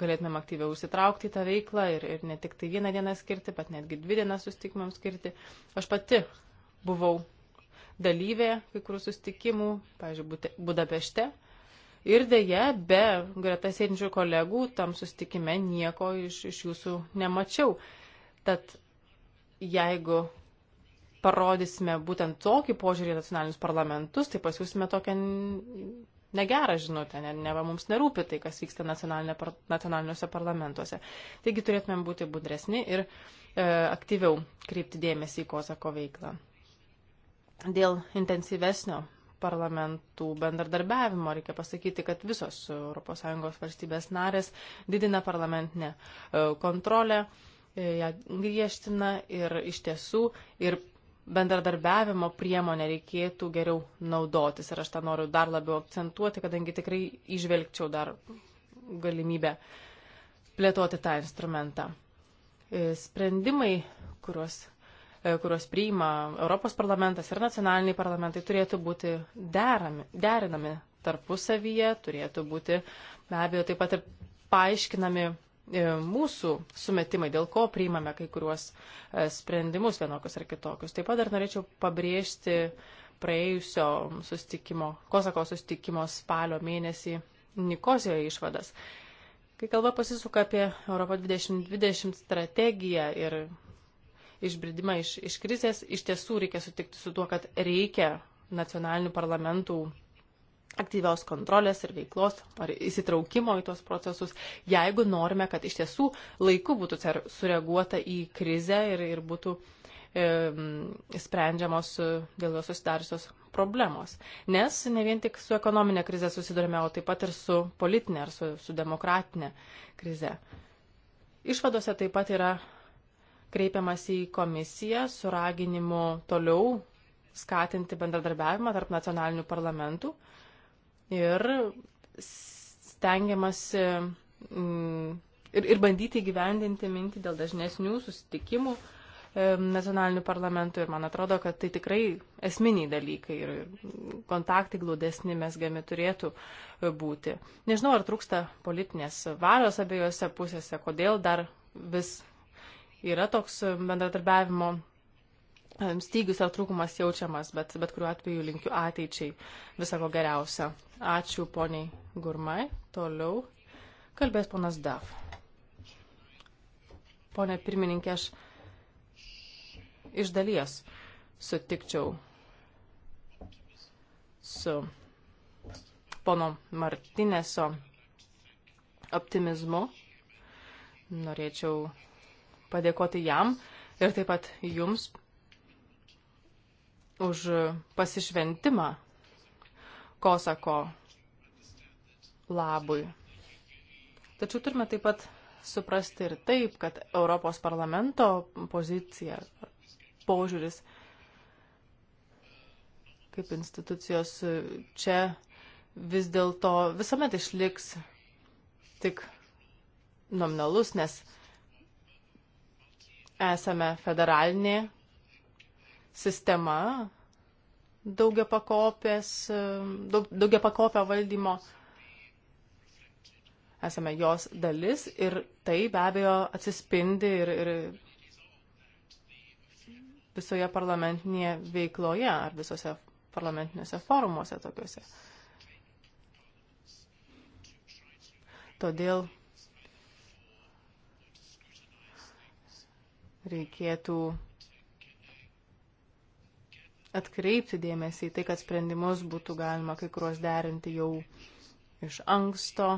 C: galėtumėm aktyviau užsitraukti į tą veiklą ir, ir ne tik tai vieną dieną skirti, bet netgi dvi dienas susitikimam skirti. Aš pati buvau dalyvė kai kurių susitikimų, pavyzdžiui, Budapešte. Ir dėje, be greta sėdinčių kolegų, tam susitikime nieko iš, iš jūsų nemačiau. Tad jeigu parodysime būtent tokį požiūrį į nacionalinius parlamentus, tai pasiūsime tokią negerą žinutę, ne, neva mums nerūpi tai, kas vyksta par, nacionaliniuose parlamentuose. Taigi turėtumėm būti budresni ir e, aktyviau kreipti dėmesį į Kozako veiklą. Dėl intensyvesnio parlamentų bendradarbiavimo. Reikia pasakyti, kad visos ES valstybės narės didina parlamentinę e, kontrolę, e, ją griežtina ir iš tiesų ir bendradarbiavimo priemonę reikėtų geriau naudotis. Ir aš tą noriu dar labiau akcentuoti, kadangi tikrai išvelgčiau dar galimybę plėtoti tą instrumentą. E, sprendimai, kuriuos, e, kuriuos priima Europos parlamentas ir nacionaliniai parlamentai, turėtų būti derami, derinami tarpusavyje, turėtų būti be abejo taip pat ir paaiškinami E, mūsų sumetimai, dėl ko priimame kai kuriuos e, sprendimus vienokius ar kitokius. Taip pat dar norėčiau pabrėžti praėjusio sustikimo, Kosako sustikimo spalio mėnesį Nikozijoje išvadas. Kai kalba pasisuka apie Europą 2020 strategiją ir išbridimą iš, iš krizės, iš tiesų reikia sutikti su tuo, kad reikia nacionalinių parlamentų aktyvios kontrolės ir veiklos ar įsitraukimo į tuos procesus, jeigu norime, kad iš tiesų laiku būtų sureaguota į krizę ir, ir būtų e, sprendžiamos dėl jos susidariusios problemos. Nes ne vien tik su ekonominė krize susidurime, o taip pat ir su politinė ar su, su demokratinė krize. Išvadose taip pat yra kreipiamas į komisiją su raginimu toliau skatinti bendradarbiavimą tarp nacionalinių parlamentų ir stengiamasi mm, ir, ir bandyti gyvendinti mintį dėl dažnesnių susitikimų nacionalinių parlamentų ir man atrodo, kad tai tikrai esminiai dalykai ir kontaktai glaudesni mes gami turėtų e, būti. Nežinau, ar trūksta politinės valios abiejose pusėse, kodėl dar vis yra toks bendradarbiavimo stygius ar trūkumas jaučiamas, bet bet kuriuo atveju linkiu ateičiai visako geriausio. Ačiū poniai Gurmai. Toliau kalbės ponas Daf. Pone pirmininkė, aš iš dalies sutikčiau su pono Martineso optimizmu. Norėčiau padėkoti jam ir taip pat jums, už pasišventimą Kosako labui. Tačiau turime taip pat suprasti ir taip, kad Europos parlamento pozicija, požiūris kaip institucijos čia vis dėlto visuomet išliks tik nominalus, nes esame federalinė sistema daugia pakopės, daugia pakopio valdymo. Esame jos dalis ir tai be abejo atsispindi ir, ir visoje parlamentinėje veikloje ar visose parlamentiniuose forumuose tokiuose. Todėl reikėtų atkreipti dėmesį į tai, kad sprendimus būtų galima kai kuriuos derinti jau iš anksto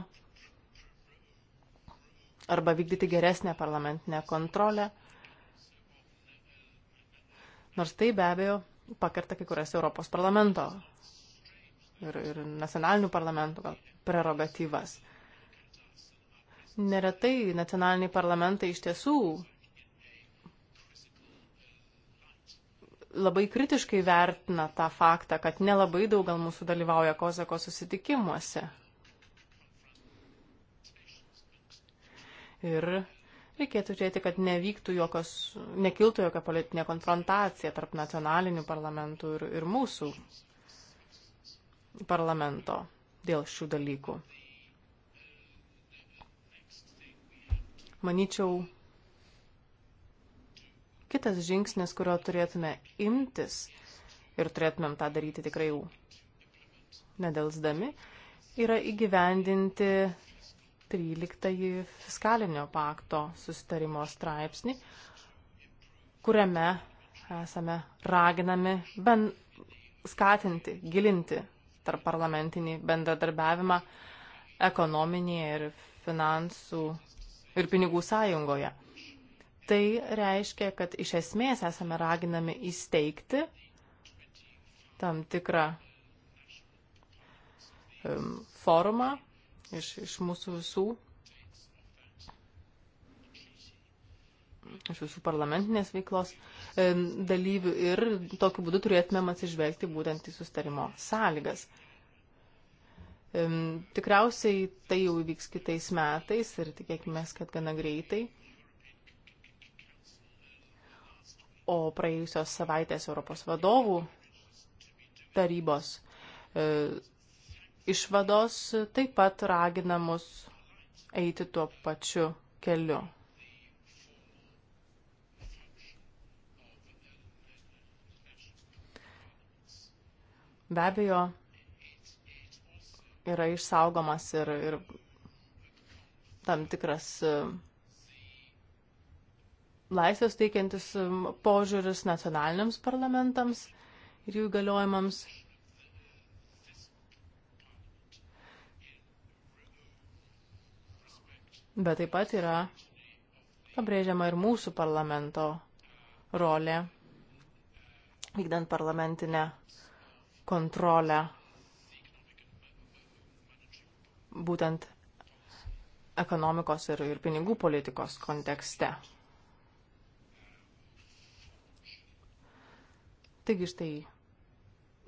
C: arba vykdyti geresnę parlamentinę kontrolę. Nors tai be abejo pakerta kai kurias Europos parlamento ir, ir nacionalinių parlamentų gal prerogatyvas. Neretai nacionaliniai parlamentai iš tiesų labai kritiškai vertina tą faktą, kad nelabai daug gal mūsų dalyvauja Kozako susitikimuose. Ir reikėtų žiūrėti, kad nevyktų jokios, nekiltų jokia politinė konfrontacija tarp nacionalinių parlamentų ir, ir mūsų parlamento dėl šių dalykų. Maničiau, Kitas žingsnis, kurio turėtume imtis ir turėtumėm tą daryti tikrai jau nedelsdami, yra įgyvendinti 13 fiskalinio pakto susitarimo straipsnį, kuriame esame raginami ben, skatinti, gilinti tarp parlamentinį bendradarbiavimą ekonominėje ir finansų ir pinigų sąjungoje. Tai reiškia, kad iš esmės esame raginami įsteigti tam tikrą um, forumą iš, iš mūsų visų, iš visų parlamentinės veiklos um, dalyvių ir tokiu būdu turėtumėm atsižvelgti būtent į sustarimo sąlygas. Um, tikriausiai tai jau įvyks kitais metais ir tikėkime, kad gana greitai. O praėjusios savaitės Europos vadovų tarybos e, išvados taip pat raginamus eiti tuo pačiu keliu. Be abejo, yra išsaugomas ir, ir tam tikras e, laisvės teikiantis um, požiūris nacionaliniams parlamentams ir jų galiojimams. Bet taip pat yra pabrėžiama ir mūsų parlamento rolė, vykdant parlamentinę kontrolę būtent ekonomikos ir, ir pinigų politikos kontekste. Taigi štai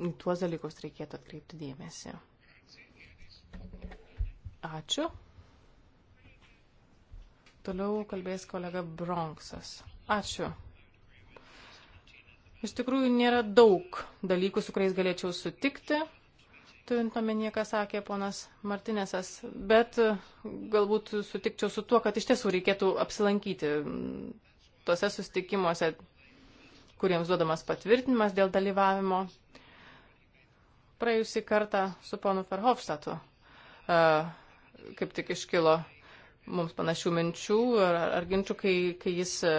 C: į tuos dalykus reikėtų atkreipti dėmesį. Ačiū. Toliau kalbės kolega Bronksas. Ačiū. Iš tikrųjų, nėra daug dalykų, su kuriais galėčiau sutikti, turint omenyje, ką sakė ponas Martinesas, bet e, galbūt sutikčiau su tuo, kad iš tiesų reikėtų apsilankyti tose sustikimuose kuriems duodamas patvirtinimas dėl dalyvavimo. Praėjusį kartą su ponu Ferhofstatu e, kaip tik iškilo mums panašių minčių ar, ar ginčių, kai, kai jis e,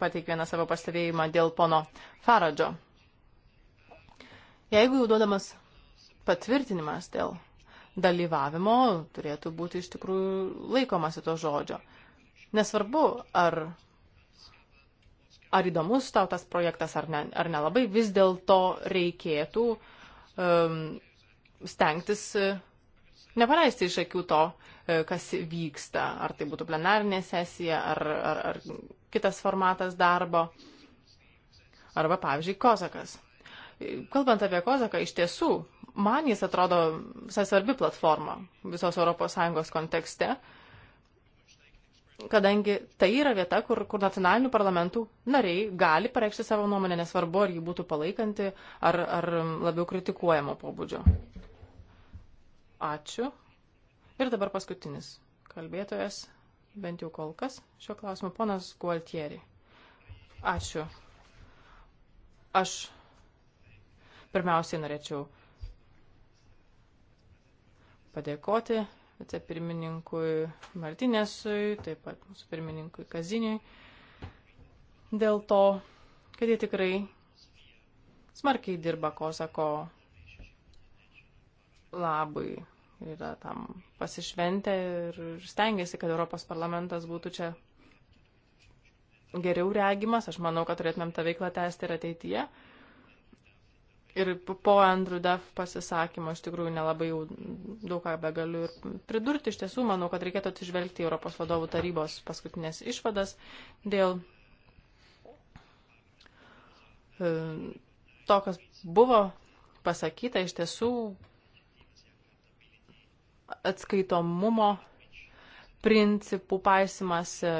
C: pateikė vieną savo pastebėjimą dėl pono Faradžo. Jeigu jau duodamas patvirtinimas dėl dalyvavimo, turėtų būti iš tikrųjų laikomasi to žodžio. Nesvarbu, ar ar įdomus tau tas projektas ar, ne, ar nelabai, vis dėlto reikėtų um, stengtis uh, nepaleisti iš akių to, uh, kas vyksta, ar tai būtų plenarinė sesija, ar, ar, ar kitas formatas darbo, arba, pavyzdžiui, Kozakas. Kalbant apie Kozaką, iš tiesų, man jis atrodo visai svarbi platforma visos ES kontekste. Uh, kadangi tai yra vieta, kur, kur nacionalinių parlamentų nariai gali pareikšti savo nuomonę, nesvarbu, ar ji būtų palaikanti ar, ar labiau kritikuojamo pobūdžio. Ačiū. Ir dabar paskutinis kalbėtojas, bent jau kol kas, šio klausimo ponas Gualtieri. Ačiū. Aš pirmiausiai norėčiau padėkoti vicepirmininkui Martinėsui, taip pat mūsų pirmininkui Kaziniui, dėl to, kad jie tikrai smarkiai dirba Kosako labui ir yra tam pasišventę ir stengiasi, kad Europos parlamentas būtų čia geriau regimas. Aš manau, kad turėtumėm tą veiklą tęsti ir ateityje ir po Andrew Duff pasisakymo iš tikrųjų nelabai jau daug ką begaliu ir pridurti. Iš tiesų, manau, kad reikėtų atsižvelgti Europos vadovų tarybos paskutinės išvadas dėl e, to, kas buvo pasakyta, iš tiesų atskaitomumo principų paisimas e,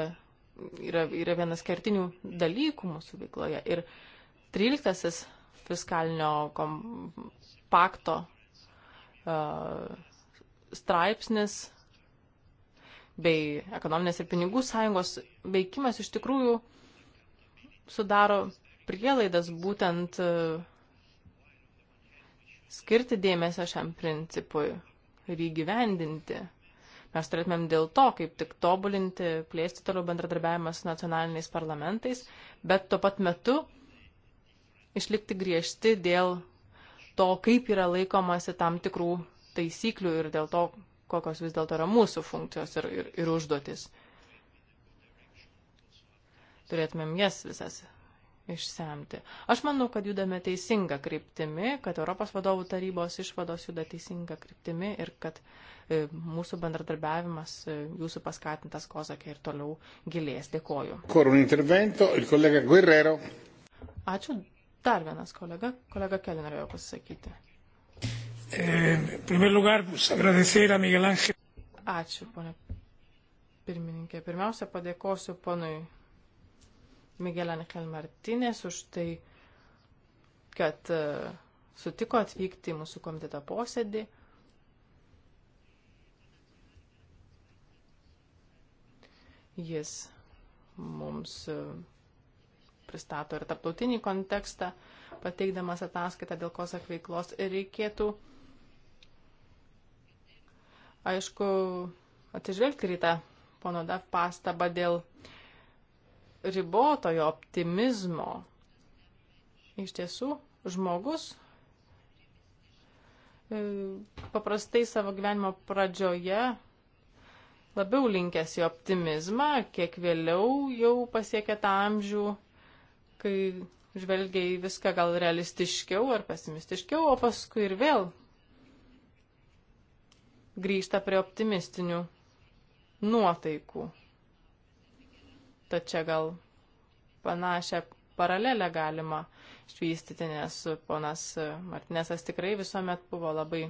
C: yra, yra vienas kertinių dalykų mūsų veikloje. Ir 13 fiskalinio kompakto uh, e, straipsnis bei ekonominės ir pinigų sąjungos veikimas iš tikrųjų sudaro prielaidas būtent uh, skirti dėmesio šiam principui ir įgyvendinti. Mes turėtumėm dėl to, kaip tik tobulinti, plėsti toliau bendradarbiavimą su nacionaliniais parlamentais, bet tuo pat metu uh, išlikti griežti dėl to, kaip yra laikomasi tam tikrų taisyklių ir dėl to, kokios vis dėlto yra mūsų funkcijos ir, ir, ir užduotis. Turėtumėm jas visas išsemti. Aš manau, kad judame teisinga kryptimi, kad Europos vadovų tarybos išvados juda teisinga kryptimi ir kad e, mūsų bendradarbiavimas, e, jūsų paskatintas Kozakė ir toliau gilės. Dėkoju. Ačiū. Dar vienas kolega, kolega Kelly norėjo pasisakyti.
A: Eh,
C: Ačiū, ponė pirmininkė. Pirmiausia, padėkosiu ponui Miguel Angel Martinės už tai, kad eh, sutiko atvykti į mūsų komiteto posėdį. Jis mums. Uh, pristato ir tarptautinį kontekstą, pateikdamas ataskaitą dėl kosak veiklos. Ir reikėtų, aišku, atsižvelgti rytą pono DAF pastabą dėl ribotojo optimizmo. Iš tiesų, žmogus e, paprastai savo gyvenimo pradžioje labiau linkęs į optimizmą, kiek vėliau jau pasiekia tą amžių, kai žvelgia į viską gal realistiškiau ar pesimistiškiau, o paskui ir vėl grįžta prie optimistinių nuotaikų. Tad čia gal panašią paralelę galima švystyti, nes ponas Martinesas tikrai visuomet buvo labai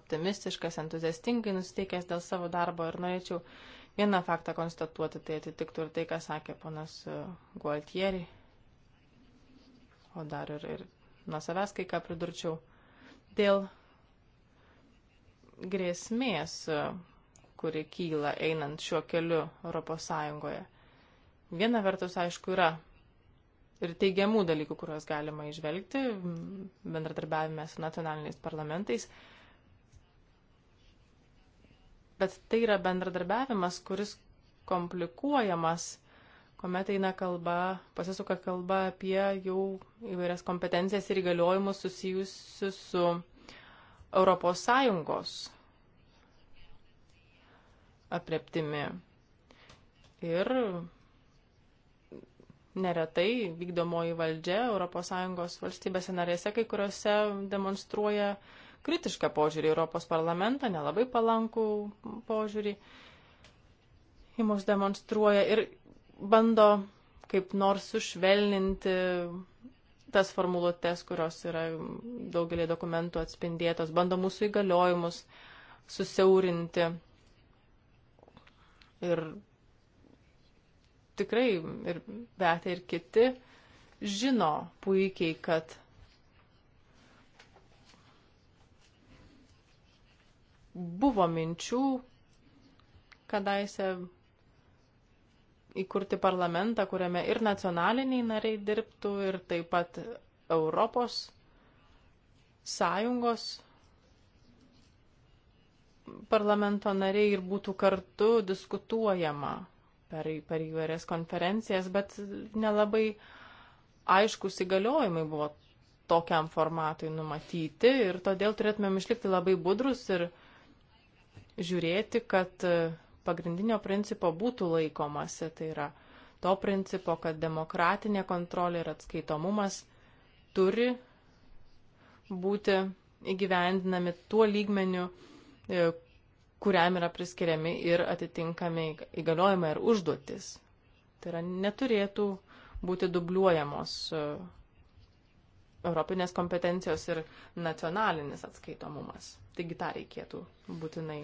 C: optimistiškas, entuziastingai nusiteikęs dėl savo darbo ir norėčiau vieną faktą konstatuoti, tai atitiktų ir tai, ką sakė ponas e, Gualtieri. O dar ir, ir nuo savęs kai ką pridurčiau. Dėl grėsmės, e, kuri kyla einant šiuo keliu Europos Sąjungoje. Viena vertus, aišku, yra ir teigiamų dalykų, kuriuos galima išvelgti bendradarbiavime su nacionaliniais parlamentais, bet tai yra bendradarbiavimas, kuris komplikuojamas, kuomet eina kalba, pasisuka kalba apie jau įvairias kompetencijas ir įgaliojimus susijusius su Europos Sąjungos apreptimi. Ir neretai vykdomoji valdžia ES valstybėse narėse kai kuriuose demonstruoja uh, kritišką požiūrį Europos parlamentą, nelabai palankų požiūrį į mus demonstruoja ir bando kaip nors sušvelninti tas formuluotės, kurios yra daugelį dokumentų atspindėtos, bando mūsų įgaliojimus susiaurinti. Ir tikrai ir Betė ir kiti žino puikiai, kad buvo minčių kadaise įkurti parlamentą, kuriame ir nacionaliniai nariai dirbtų, ir taip pat Europos sąjungos parlamento nariai ir būtų kartu diskutuojama per, per įvairias konferencijas, bet nelabai aiškus įgaliojimai buvo tokiam formatui numatyti ir todėl turėtumėm išlikti labai budrus ir uh, žiūrėti, kad e, pagrindinio principo būtų laikomasi. Tai yra to principo, kad demokratinė kontrolė ir atskaitomumas turi būti įgyvendinami tuo lygmeniu, e, kuriam yra priskiriami ir atitinkami įgaliojimai ir užduotis. Tai yra neturėtų būti dubliuojamos e, europinės kompetencijos ir nacionalinis atskaitomumas. Taigi tą reikėtų būtinai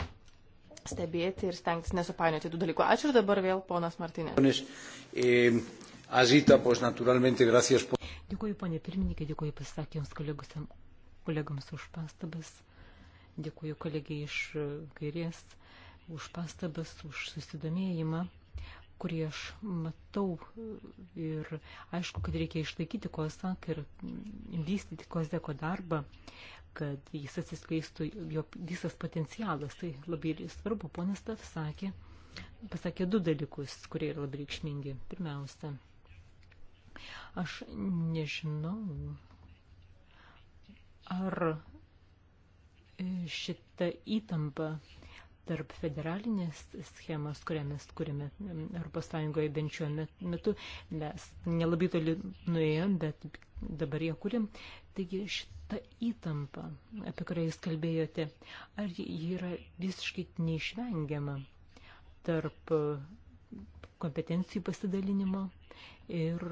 C: stebėti ir stengtis nesupainioti tų dalykų. Ačiū ir dabar vėl ponas Martinė.
A: Eh,
D: dėkuoju, ponė pirmininkė, dėkuoju pasisakymams kolegams už pastabas, dėkuoju kolegiai iš kairės už pastabas, už susidomėjimą kurį aš matau ir aišku, kad reikia išlaikyti kosak ir vystyti kozeko darbą kad jis atsiskleistų jo visas potencialas. Tai labai svarbu. Ponas Tav sakė, pasakė du dalykus, kurie yra labai reikšmingi. Pirmiausia, aš nežinau, ar šita įtampa tarp federalinės schemas, kurią mes kūrėme Europos Sąjungoje bent šiuo metu, mes nelabai toli nuėjom, bet dabar ją kūrėm, Taigi šita įtampa, apie kurią jūs kalbėjote, ar ji yra visiškai neišvengiama tarp kompetencijų pasidalinimo ir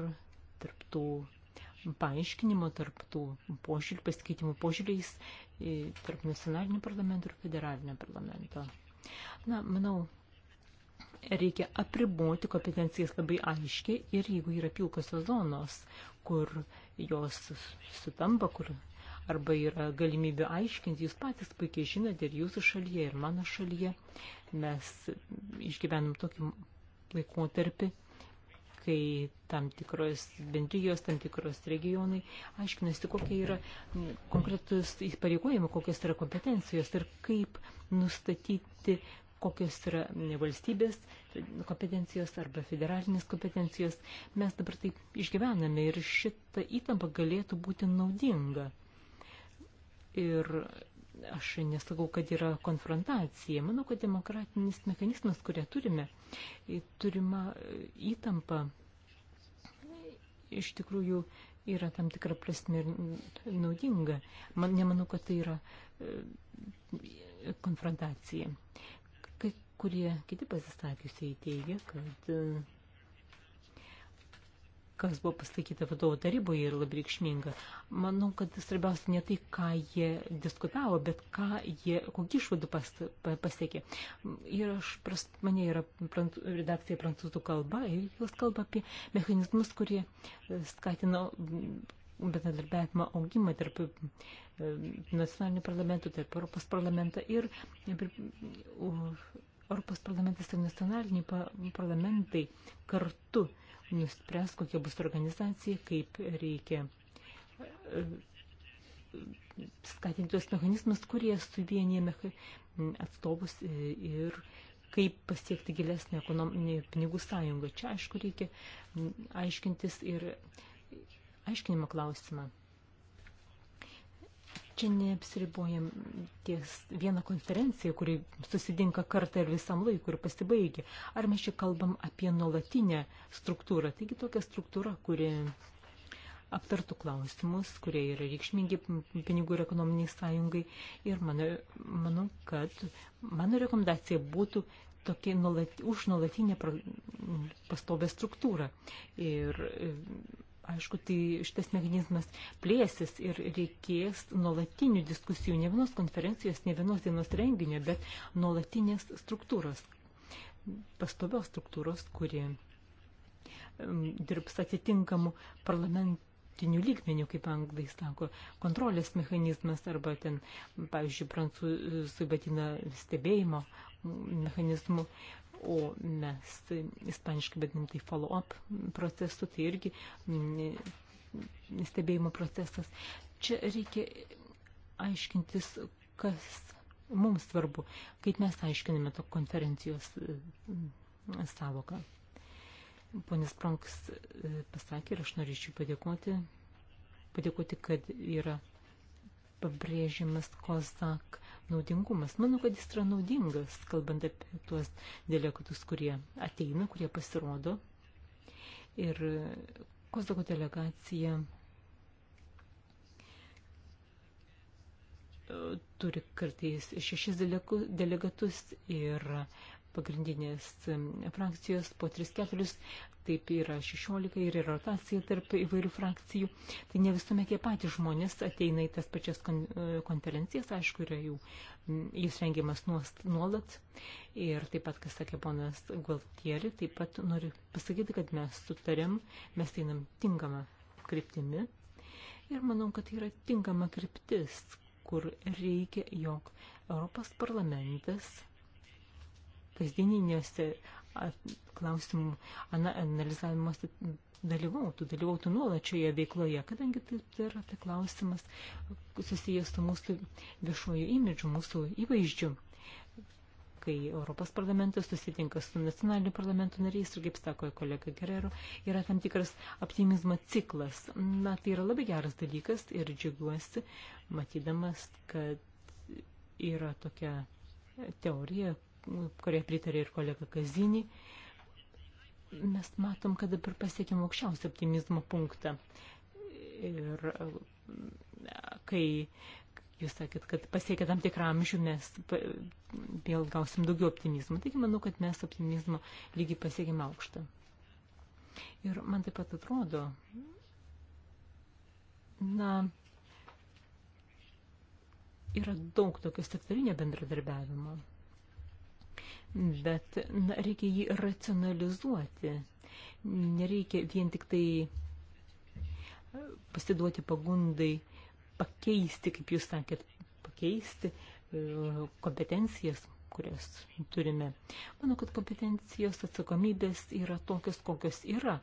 D: tarp tų paaiškinimo, tarp tų požiūrį, pasikeitimų požiūriais tarp nacionalinio parlamento ir federalinio parlamento. Na, manau, reikia apriboti kompetencijas labai aiškiai ir jeigu yra pilkosios zonos, kur jos sutampa, kur arba yra galimybė aiškinti, jūs patys puikiai žinote ir jūsų šalyje, ir mano šalyje. Mes išgyvenam tokį laikotarpį, kai tam tikros bendrijos, tam tikros regionai aiškinasi, kokie yra konkretus įpareigojimai, kokios yra kompetencijos ir kaip nustatyti kokios yra valstybės kompetencijos arba federalinės kompetencijos. Mes dabar taip išgyvename ir šita įtampa galėtų būti naudinga. Ir aš nesakau, kad yra konfrontacija. Manau, kad demokratinis mechanizmas, kurią turime, turima įtampa iš tikrųjų yra tam tikra prasme ir naudinga. Man, nemanau, kad tai yra e, konfrontacija kurie kiti pasisakiusiai teigia, kad e, kas buvo pasakyta vadovo taryboje ir labai reikšminga. Manau, kad svarbiausia ne tai, ką jie diskutavo, bet ką jie, kokį išvadų pas, pasiekė. Ir aš, pras, mane yra prantų, redakcija prancūzų kalba ir jos kalba apie mechanizmus, kurie e, skatino bendradarbiavimą augimą tarp e, nacionalinių parlamentų, tarp Europos parlamentą ir, ir Europos parlamentas ir nacionaliniai parlamentai kartu nuspręs, kokia bus organizacija, kaip reikia e, skatinti tuos mechanizmus, kurie suvienyje atstovus e, ir kaip pasiekti gilesnį ekonominį pinigų sąjungą. Čia, aišku, reikia aiškintis ir aiškinimo klausimą čia neapsiribojam ties vieną konferenciją, kuri susidinka kartą ir visam laikui ir pasibaigia. Ar mes čia kalbam apie nuolatinę struktūrą? Taigi tokia struktūra, kuri aptartų klausimus, kurie yra reikšmingi pinigų ir ekonominiai sąjungai. Ir mano, manau, kad mano rekomendacija būtų tokia nuolat, už nuolatinę pastovę struktūrą. Ir aišku, tai šitas mechanizmas plėsis ir reikės nuolatinių diskusijų, ne vienos konferencijos, ne vienos dienos renginio, bet nuolatinės struktūros, pastovios struktūros, kuri dirbs atitinkamų parlamentinių lygmenių, kaip anglai sako, kontrolės mechanizmas arba ten, pavyzdžiui, prancūzų vadina stebėjimo mechanizmu. Uh, o mes ispaniškai vadinam tai follow-up procesu, tai irgi mm, stebėjimo procesas. Čia reikia aiškintis, kas mums svarbu, kaip mes aiškiname to konferencijos mm, savoką. Ponis Pranks e, pasakė ir aš norėčiau padėkoti, padėkoti, kad yra pabrėžimas COSAC naudingumas. Manau, kad jis yra naudingas, kalbant apie tuos delegatus, kurie ateina, kurie pasirodo. Ir Kozako delegacija e, turi kartais šešis delegatus ir pagrindinės frakcijos po 3-4, taip yra 16 ir yra rotacija tarp įvairių frakcijų. Tai ne visuomet tie patys žmonės ateina į tas pačias e, konferencijas, aišku, yra jų, jis rengiamas nuolat. Ir taip pat, kas sakė ponas Gualtieri, taip pat noriu pasakyti, kad mes sutarėm, mes einam tinkamą kryptimi. Ir manau, kad tai yra tinkama kryptis, kur reikia, jog Europos parlamentas kasdieninėse klausimų analizavimuose dalyvautų, dalyvautų nuolat šioje veikloje, kadangi tai, tai yra tai klausimas susijęs su mūsų viešuoju imidžiu, mūsų įvaizdžiu. Kai Europos parlamentas susitinka su nacionaliniu parlamento nariais ir, kaip sako kolega Gerero, yra tam tikras optimizmo ciklas. Na, tai yra labai geras dalykas ir džiugiuosi, matydamas, kad yra tokia teorija, kurie pritarė ir kolega Kazinį, mes matom, kad dabar pasiekėm aukščiausią optimizmo punktą. Ir kai jūs sakėt, kad pasiekę tam tikrą amžių mes vėl gausim daugiau optimizmo. Taigi manau, kad mes optimizmo lygiai pasiekėm aukštą. Ir man taip pat atrodo, na, yra daug tokio sektorinio bendradarbiavimo bet na, reikia jį racionalizuoti. Nereikia vien tik tai pasiduoti pagundai pakeisti, kaip jūs sakėt, pakeisti e, kompetencijas, kurias turime. Manau, kad kompetencijos atsakomybės yra tokios, kokios yra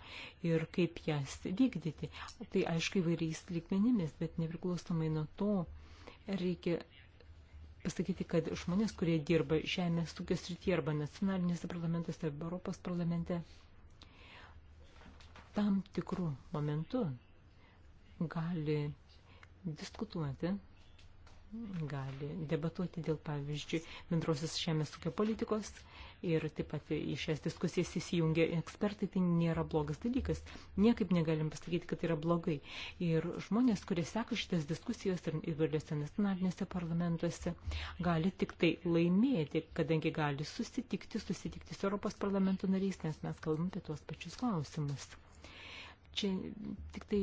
D: ir kaip jas vykdyti. Tai aišku įvairiais lygmenimis, bet nepriklausomai nuo to reikia pasakyti, kad žmonės, kurie dirba žemės ūkio srityje arba nacionalinėse parlamentuose arba Europos parlamente, tam tikrų momentų gali diskutuoti gali debatuoti dėl, pavyzdžiui, bendrosios žemės ūkio politikos ir taip pat į šias diskusijas įsijungia ekspertai, tai nėra blogas dalykas. Niekaip negalim pasakyti, kad tai yra blogai. Ir žmonės, kurie seka šitas diskusijas ir įvairiuose nacionalinėse parlamentuose, gali tik tai laimėti, kadangi gali susitikti, susitikti su Europos parlamento nariais, nes mes kalbam apie tuos pačius klausimus. Čia tik tai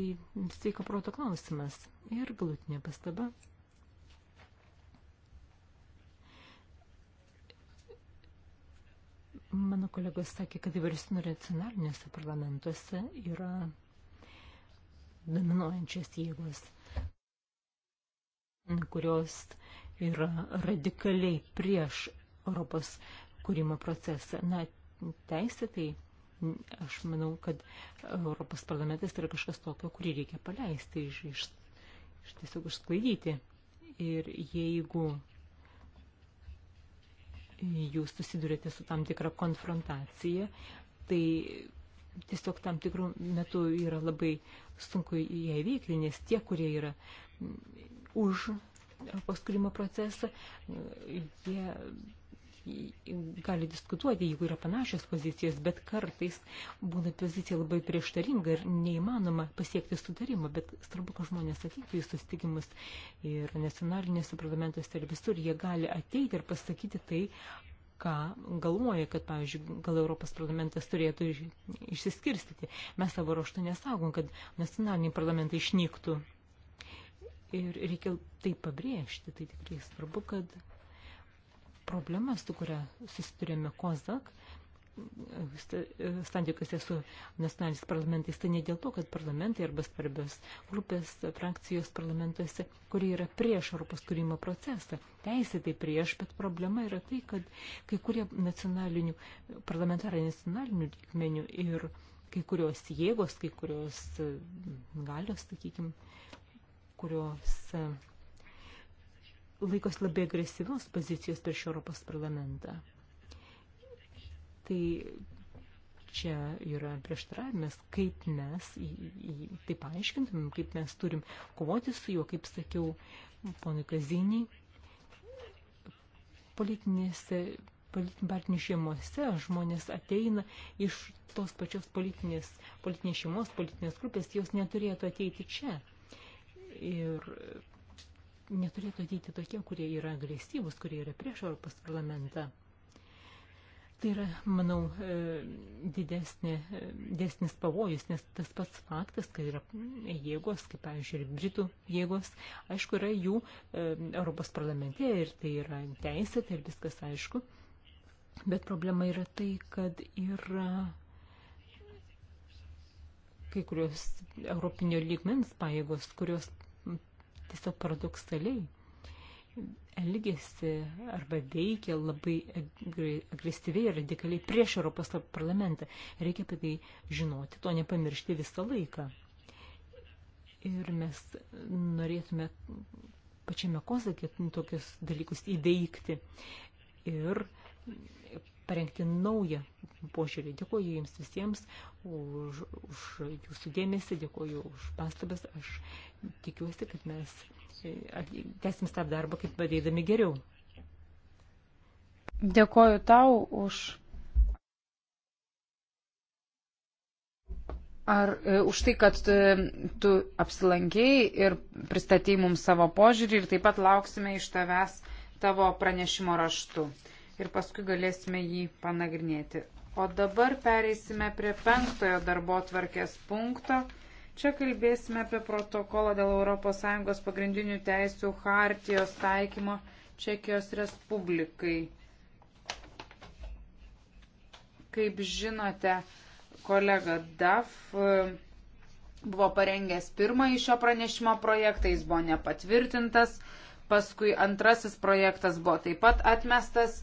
D: sveiko proto klausimas ir galutinė pastaba. Mano kolegos sakė, kad įvairiuose nacionaliniuose parlamentuose yra dominuojančios jėgos, kurios yra radikaliai prieš Europos kūrimo procesą. Na, teisė tai, aš manau, kad Europos parlamentas yra kažkas tokio, kurį reikia paleisti, iš, iš, iš tiesiog išsklaidyti. Ir jeigu jūs susidurėte su tam tikra konfrontacija, tai tiesiog tam tikrų metų yra labai sunku ją įveikti, nes tie, kurie yra už e, paskūrimo procesą, e, jie gali diskutuoti, jeigu yra panašios pozicijos, bet kartais būna pozicija labai prieštaringa ir neįmanoma pasiekti sutarimą, bet svarbu, kad žmonės ateitų į sustikimus ir nacionalinėse parlamentuose ir visur jie gali ateiti ir pasakyti tai, ką galvoja, kad, pavyzdžiui, gal Europos parlamentas turėtų išsiskirstyti. Mes savo ruoštų nesaukom, kad nacionaliniai parlamentai išnyktų. Ir reikia tai pabrėžti, tai tikrai svarbu, kad problema, su kuria susiturėme Kozak, santykiuose su nacionaliniais parlamentais, tai ne dėl to, kad parlamentai arba svarbios grupės frakcijos parlamentuose, kurie yra prieš Europos kūrimo procesą, teisėtai prieš, bet problema yra tai, kad kai kurie nacionalinių, parlamentarai nacionalinių lygmenių ir kai kurios jėgos, kai kurios galios, sakykime, kurios laikosi labai agresyvios pozicijos prieš Europos parlamentą. Tai čia yra prieštaravimas, kaip mes tai paaiškintumėm, kaip mes turim kovoti su juo, kaip sakiau, ponui Kazinį, politinėse politinių partijų šeimose žmonės ateina iš tos pačios politinės, politinės šeimos, politinės grupės, jos neturėtų ateiti čia. Ir neturėtų ateiti tokie, kurie yra agresyvus, kurie yra prieš Europos parlamentą. Tai yra, manau, e, didesnė, e, didesnis pavojus, nes tas pats faktas, kad yra jėgos, kaip, pavyzdžiui, ir Britų jėgos, aišku, yra jų e, Europos parlamente ir tai yra teisė, tai ir viskas aišku. Bet problema yra tai, kad yra kai kurios Europinio lygmens pajėgos, kurios tiesiog paradoksaliai elgėsi arba veikia labai agresyviai ir radikaliai prieš Europos parlamentą. Reikia apie tai žinoti, to nepamiršti visą laiką. Ir mes norėtume pačiame kozakė tokius dalykus įveikti ir parengti naują požiūrį. Dėkuoju Jums visiems už, už Jūsų dėmesį, dėkuoju už pastabas. Aš tikiuosi, kad mes e, tęsim tą darbą, kaip padėdami
B: geriau. Dėkoju tau už. Ar e, už tai, kad e, tu, tu apsilankėjai ir pristatėjai mums savo požiūrį ir taip pat lauksime iš tavęs tavo pranešimo raštu. Ir paskui galėsime jį panagrinėti. O dabar pereisime prie penktojo darbo tvarkės punkto. Čia kalbėsime apie protokolą dėl ES pagrindinių teisų hartijos taikymo Čekijos Respublikai. Kaip žinote, kolega DAF e, buvo parengęs pirmąjį šio pranešimo projektą, jis buvo nepatvirtintas, paskui antrasis projektas buvo taip pat atmestas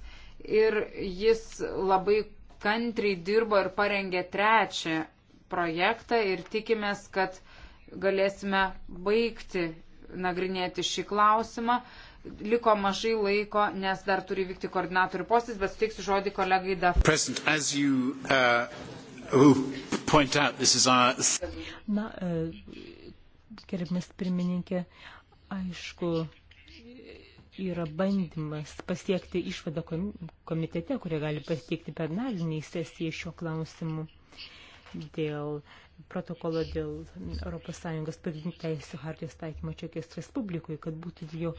B: ir jis labai kantriai dirbo ir parengė trečią projektą ir tikimės, kad galėsime baigti nagrinėti šį klausimą. Liko mažai laiko, nes dar turi vykti koordinatorių postis, bet suteiksiu žodį kolegai Daf.
A: Uh,
B: Na, e,
D: gerbimas pirmininkė, aišku, yra bandymas pasiekti išvadą komitete, kurie gali pasiekti per nalinį sesiją šiuo klausimu dėl protokolo dėl ES pagrindinių teisų hartijos taikymo Čekijos Respublikui, kad būtų jo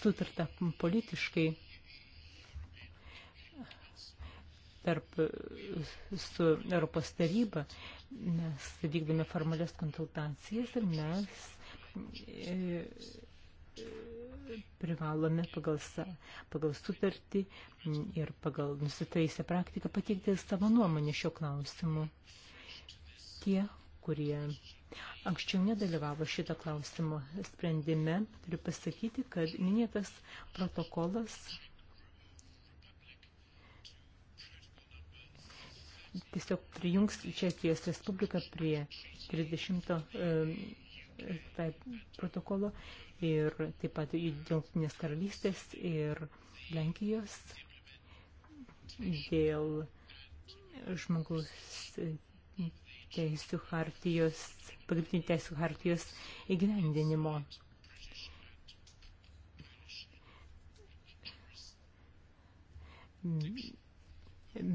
D: sutarta politiškai tarp su Europos taryba. Mes vykdome formalias konsultacijas ir mes e, privalome pagal, pagal sutartį ir pagal nusitaisę praktiką pateikti savo nuomonę šio klausimu tie, kurie anksčiau nedalyvavo šito klausimo sprendime, turiu pasakyti, kad minėtas protokolas tiesiog prijungs Čekijos Respubliką prie 30 e, tai protokolo ir taip pat Junktinės karalystės ir Lenkijos dėl žmogus teisų hartijos, pagrindinių teisų hartijos įgyvendinimo.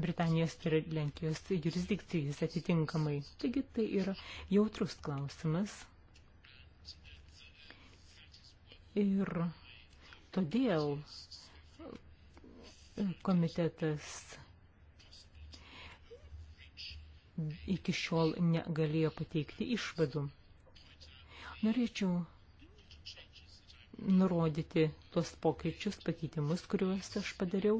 D: Britanijos ir Lenkijos jurisdikcijas atitinkamai. Taigi tai yra jautrus klausimas. Ir todėl komitetas iki šiol negalėjo pateikti išvadų. Norėčiau nurodyti tuos pokyčius, pakeitimus, kuriuos aš padariau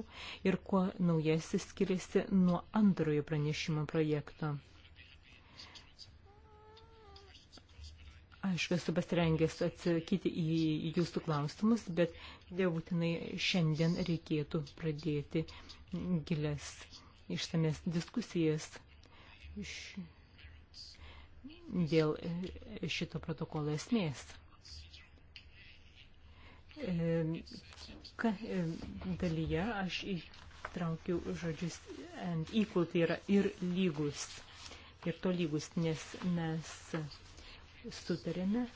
D: ir kuo naujasis skiriasi nuo antrojo pranešimo projekto. Aš esu pasirengęs atsakyti į jūsų klausimus, bet dėvutinai šiandien reikėtų pradėti gilias išsames diskusijas š... dėl šito protokolo esmės. Ka, dalyje aš įtraukiu žodžius and equal, tai yra ir lygus, ir to lygus, nes mes sutarėme,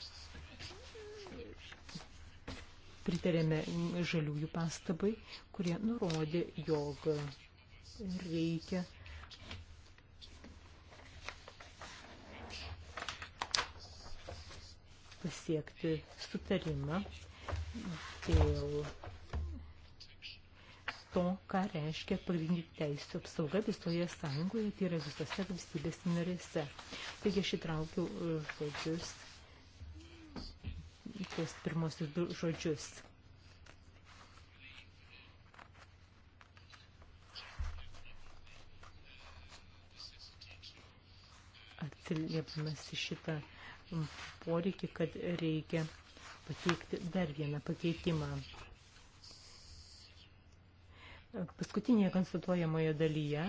D: pritarėme žaliųjų pastabai, kurie nurodė, jog reikia pasiekti sutarimą dėl to, ką reiškia pagrindinių teisų apsauga visoje sąjungoje, tai yra visose valstybės narėse. Taigi aš įtraukiau e, žodžius, tuos pirmosius du žodžius. Atsiliepdamas į šitą uh, poreikį, kad reikia pateikti dar vieną pakeitimą. Paskutinėje konstatuojamoje dalyje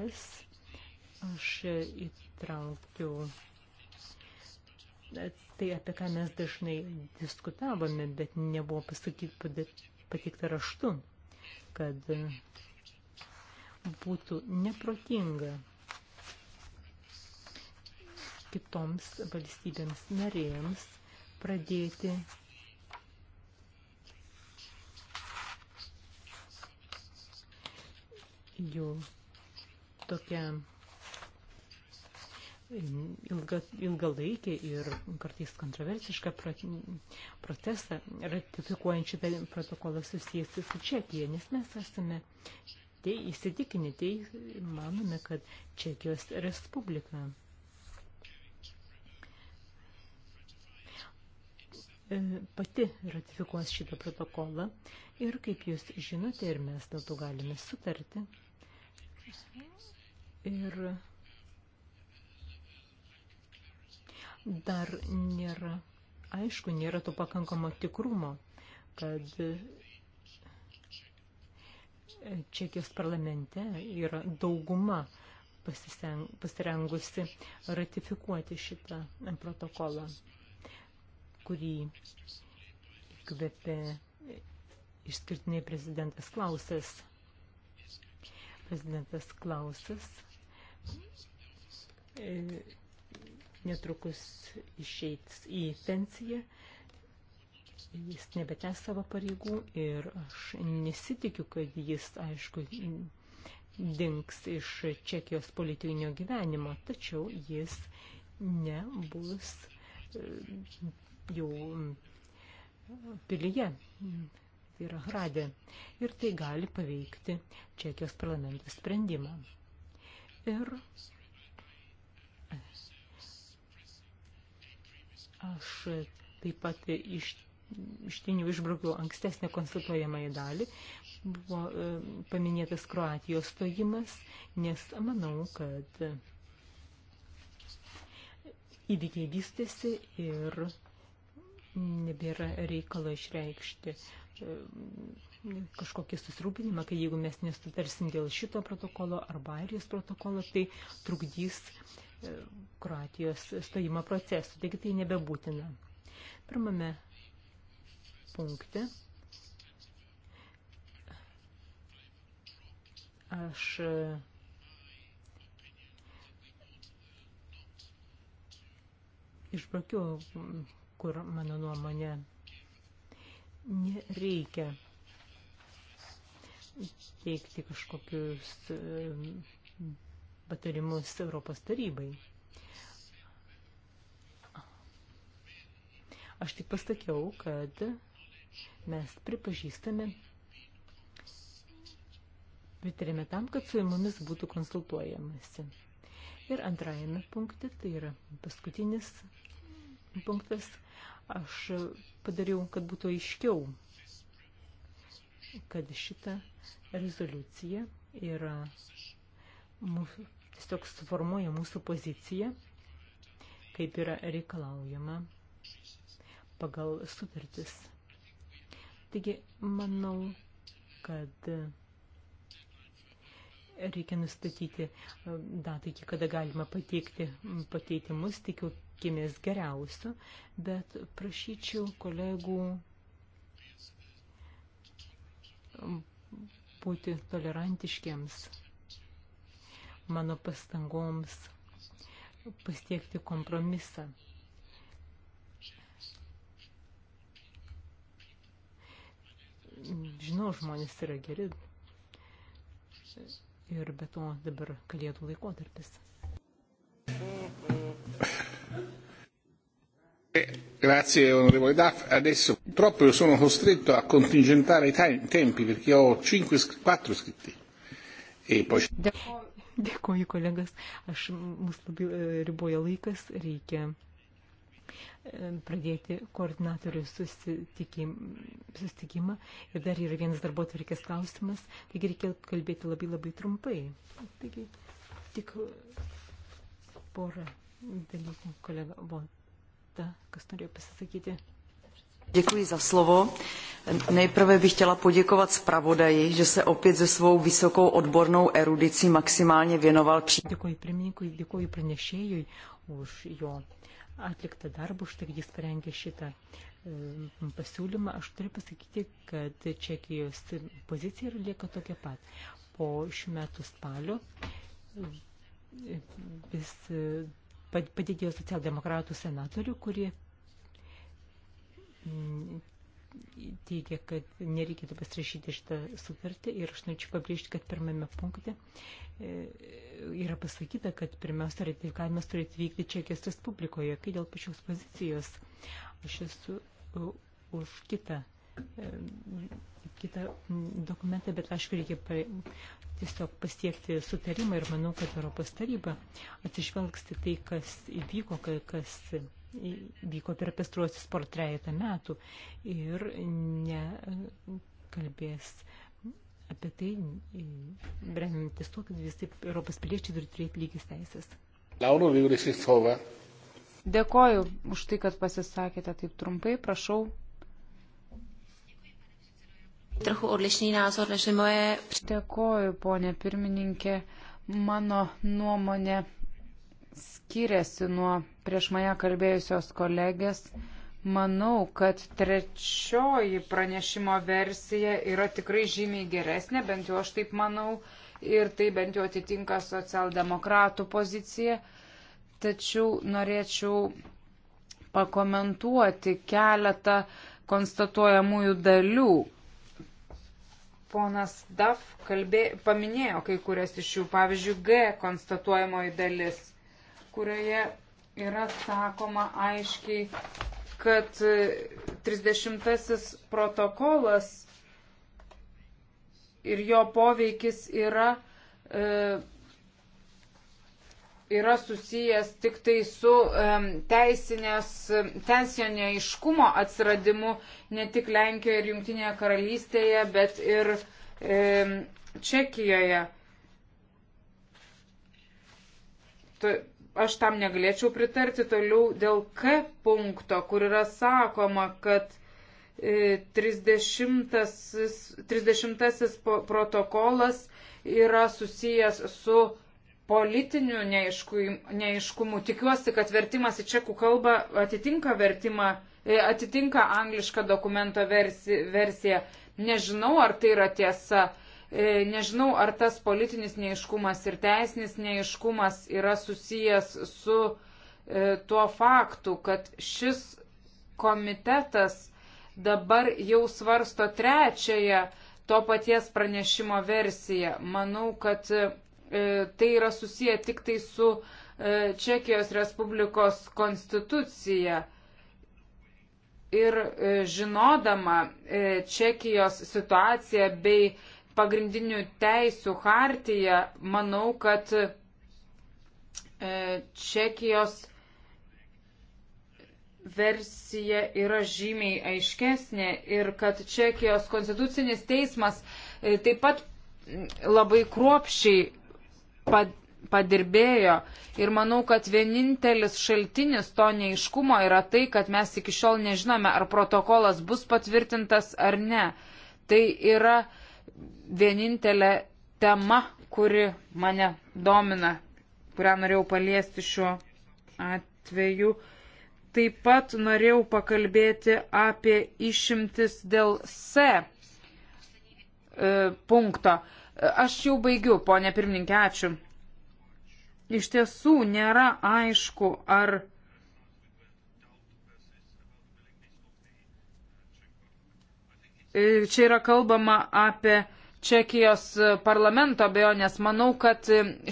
D: S aš įtraukiau tai, apie ką mes dažnai diskutavome, bet nebuvo pasakyt, pateikta raštu, kad būtų neprotinga kitoms valstybėms narėms pradėti jų tokią ilga, ilgalaikį ir kartais kontroversišką procesą ratifikuojančių protokolą susijęs su Čekija, nes mes esame tai įsitikinę, tai manome, kad Čekijos Respublika. E, pati ratifikuos šitą protokolą ir, kaip jūs žinote, ir mes dėl to galime sutarti. Ir dar nėra, aišku, nėra to pakankamo tikrumo, kad Čekijos parlamente yra dauguma pasirengusi ratifikuoti šitą protokolą, kurį įkvėpė išskirtinai prezidentas Klausas. Prezidentas Klausas e, netrukus išeits į pensiją jis nebetęs savo pareigų ir aš nesitikiu, kad jis, aišku, dinks iš Čekijos politinio gyvenimo, tačiau jis nebus e, jau pilyje,
A: tai
D: yra Hradė, ir tai gali paveikti Čekijos parlamento sprendimą. Ir aš taip pat iš ištinių išbraukiau ankstesnę konstatuojamąją dalį, buvo e, paminėtas Kroatijos stojimas, nes manau, kad įvykiai vystėsi ir nebėra reikalo išreikšti e, kažkokį susirūpinimą, kad jeigu mes nesutarsim dėl šito protokolo arba airijos protokolo, tai trukdys e, Kroatijos stojimo procesų. Taigi tai nebebūtina. Pirmame punkte aš e, išbraukiau, kur mano nuomonė nereikia teikti kažkokius e, patarimus Europos tarybai. Aš tik pasakiau, kad mes pripažįstame, pritarėme tam, kad su jumis būtų konsultuojamasi. Ir antrajame punkte, tai yra paskutinis punktas, aš padariau, kad būtų aiškiau, kad šita rezoliucija yra mūsų, tiesiog suformuoja mūsų poziciją, kaip yra reikalaujama pagal sutartis Taigi, manau, kad reikia nustatyti e, datą, iki kada galima pateikti pakeitimus, tikimės geriausio, bet prašyčiau kolegų būti tolerantiškiams mano pastangoms pasiekti kompromisą. žinau, žmonės yra geri. Ir be to dabar kalėdų laikotarpis.
A: Grazie onorevole Daff. Adesso purtroppo io sono costretto a contingentare i tai-, tempi perché ho 5, 4 iscritti. E poi...
D: Dėkoju, kolegas. Aš mus labai e, riboja laikas, reikia pradėti koordinatorių susitikim, susitikimą. Ir dar yra vienas darbo atvarkės klausimas, taigi reikia kalbėti labai labai trumpai. Taigi tik porą dalykų, kolega Bonta, kas norėjo pasisakyti. Děkuji za slovo. Nejprve bych chtěla poděkovat zpravodaji, že se opět se svou vysokou odbornou erudicí maximálně věnoval při... Děkuji prvníku, děkuji pranešėjui už jo uh, atliktą darbą, už tai, kad jis parengė šitą e, pasiūlymą. Aš turiu pasakyti, kad Čekijos pozicija ir lieka tokia pat. Po šių metų spalio e, vis e, padidėjo socialdemokratų senatorių, kurie teigia, kad nereikėtų pasirašyti šitą sutartį ir aš norėčiau pabrėžti, kad pirmame punkte e, yra pasakyta, kad pirmiausia ratifikavimas turėtų vykti Čekijos Respublikoje, kai dėl pačios pozicijos aš esu e, už kitą, e, kitą dokumentą, bet aišku, reikia pa, tiesiog pasiekti sutarimą ir manau, kad Europos taryba atsižvelgs į tai, kas įvyko, kas vyko per pastruosius portrejetą metų ir nekalbės apie tai, remintis to, kad visi Europos
B: piliečiai turi turėti lygis teisės.
A: Lauro Vyrisistova.
B: Dėkoju už tai, kad pasisakėte taip trumpai, prašau. Trochu odlišný názor než moje. Dėkoju, ponė pirmininkė. Mano nuomonė skiriasi nuo prieš mane kalbėjusios kolegės. Manau, kad trečioji pranešimo versija yra tikrai žymiai geresnė, bent jau aš taip manau, ir tai bent jau atitinka socialdemokratų poziciją. Tačiau norėčiau pakomentuoti keletą konstatuojamųjų dalių. Ponas Daf kalbė, paminėjo kai kurias iš jų, pavyzdžiui, G konstatuojamoji dalis kurioje yra sakoma aiškiai, kad 30 protokolas ir jo poveikis yra, e, yra susijęs tik tai su e, teisinės, teisinio iškumo atsiradimu ne tik Lenkijoje ir Junktinėje karalystėje, bet ir e, Čekijoje aš tam negalėčiau pritarti toliau dėl K punkto, kur yra sakoma, kad 30, e, 30 protokolas yra susijęs su politiniu neaiškumu. Tikiuosi, kad vertimas į čekų kalbą atitinka vertimą, e, atitinka anglišką dokumento versiją. Nežinau, ar tai yra tiesa. E, nežinau, ar tas politinis neiškumas ir teisinis neiškumas yra susijęs su e, tuo faktu, kad šis komitetas dabar jau svarsto trečiąją to paties pranešimo versiją. Manau, kad e, tai yra susiję tik tai su Čekijos Respublikos konstitucija. Ir žinodama Čekijos situaciją bei pagrindinių teisų hartiją, manau, kad e, Čekijos versija yra žymiai aiškesnė ir kad Čekijos konstitucinis teismas e, taip pat labai kruopšiai padirbėjo ir manau, kad vienintelis šaltinis to neiškumo yra tai, kad mes iki šiol nežinome, ar protokolas bus patvirtintas ar ne. Tai yra uh, vienintelė tema, kuri mane domina, kurią norėjau paliesti šiuo atveju. Taip pat norėjau pakalbėti apie išimtis dėl C e, punkto. Aš jau baigiu, ponė pirmininkė, ačiū. Iš tiesų nėra aišku, ar E, čia yra kalbama apie Čekijos parlamento abejonės. Manau, kad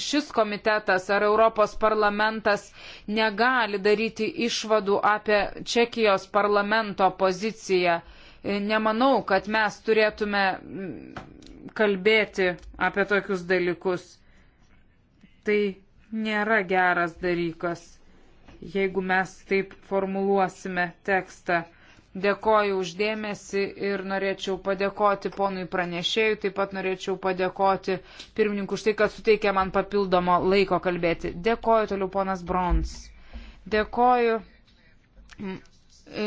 B: šis komitetas ar Europos parlamentas negali daryti išvadų apie Čekijos parlamento poziciją. E, nemanau, kad mes turėtume mm, kalbėti apie tokius dalykus. Tai nėra geras dalykas, jeigu mes taip formuluosime tekstą. Dėkoju uždėmesi ir norėčiau padėkoti ponui pranešėjui, taip pat norėčiau padėkoti pirmininkui už tai, kad suteikė man papildomo laiko kalbėti. Dėkoju toliau ponas Brons. Dėkoju. E,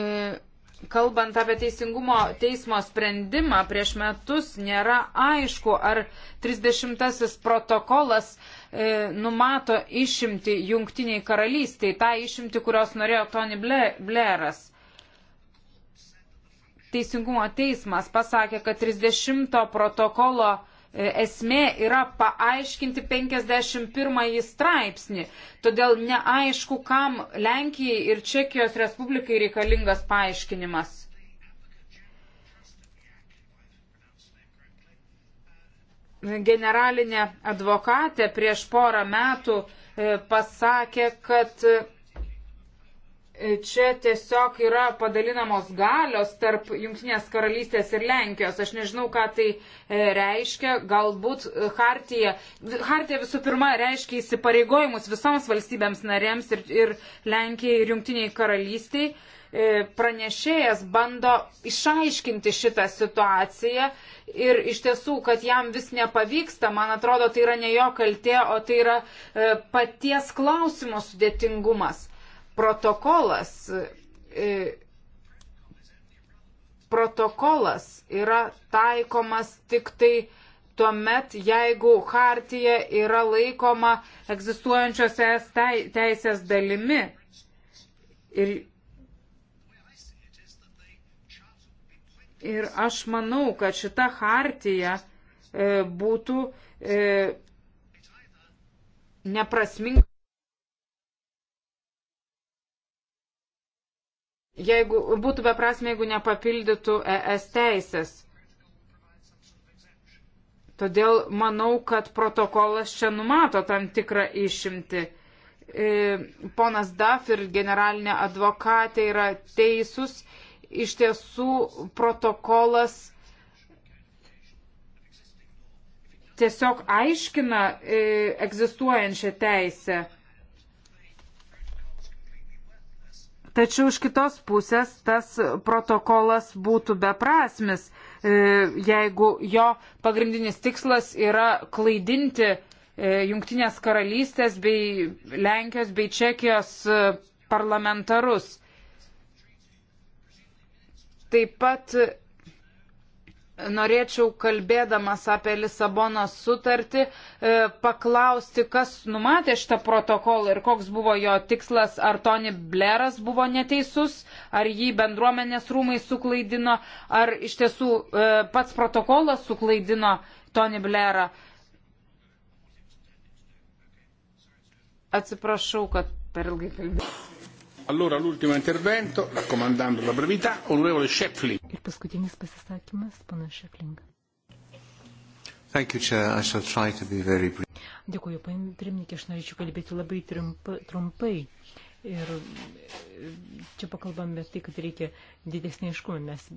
B: kalbant apie teisingumo teismo sprendimą prieš metus, nėra aišku, ar 30-asis protokolas e, numato išimti jungtiniai karalystiai, tą išimti, kurios norėjo Tony Blairas. Teisingumo teismas pasakė, kad 30 protokolo e, esmė yra paaiškinti 51 straipsnį. Todėl neaišku, kam Lenkijai ir Čekijos Respublikai reikalingas paaiškinimas. Generalinė advokatė prieš porą metų e, pasakė, kad čia tiesiog yra padalinamos galios tarp Junktinės karalystės ir Lenkijos. Aš nežinau, ką tai e, reiškia. Galbūt Hartija, Hartija visų pirma reiškia įsipareigojimus visoms valstybėms narėms ir, ir Lenkijai ir Junktiniai karalystiai. E, pranešėjas bando išaiškinti šitą situaciją ir iš tiesų, kad jam vis nepavyksta, man atrodo, tai yra ne jo kaltė, o tai yra e, paties klausimo sudėtingumas protokolas, e, protokolas yra taikomas tik tai tuomet, jeigu hartija yra laikoma egzistuojančios es teisės dalimi. Ir, ir aš manau, kad šita hartija e, būtų e, neprasminga. jeigu būtų beprasme, jeigu nepapildytų ES teisės. Todėl manau, kad protokolas čia numato tam tikrą išimti. E, ponas Daf ir generalinė advokatė yra teisus. Iš tiesų protokolas tiesiog aiškina e, egzistuojančią teisę. Tačiau iš kitos pusės tas protokolas būtų beprasmis, e, jeigu jo pagrindinis tikslas yra klaidinti e, Junktinės karalystės bei Lenkijos bei Čekijos e, parlamentarus. Taip pat norėčiau, kalbėdamas apie Lisabonos sutartį, e, paklausti, kas numatė šitą protokolą ir koks buvo jo tikslas, ar Tony Blairas buvo neteisus, ar jį bendruomenės rūmai suklaidino, ar iš tiesų e, pats protokolas suklaidino Tony Blairą. Atsiprašau, kad per ilgai kalbėjau.
A: Allora l'ultimo intervento, raccomandando la brevità, onorevole Shepling.
D: Ir paskutinis pasisakymas, panas Shepling.
A: Thank you, Chair. I shall try to be very brief.
D: Dėkuoju, pirmininkė, aš norėčiau kalbėti labai trumpai. Ir e, čia pakalbame tai, kad reikia didesnį iškumą. Mes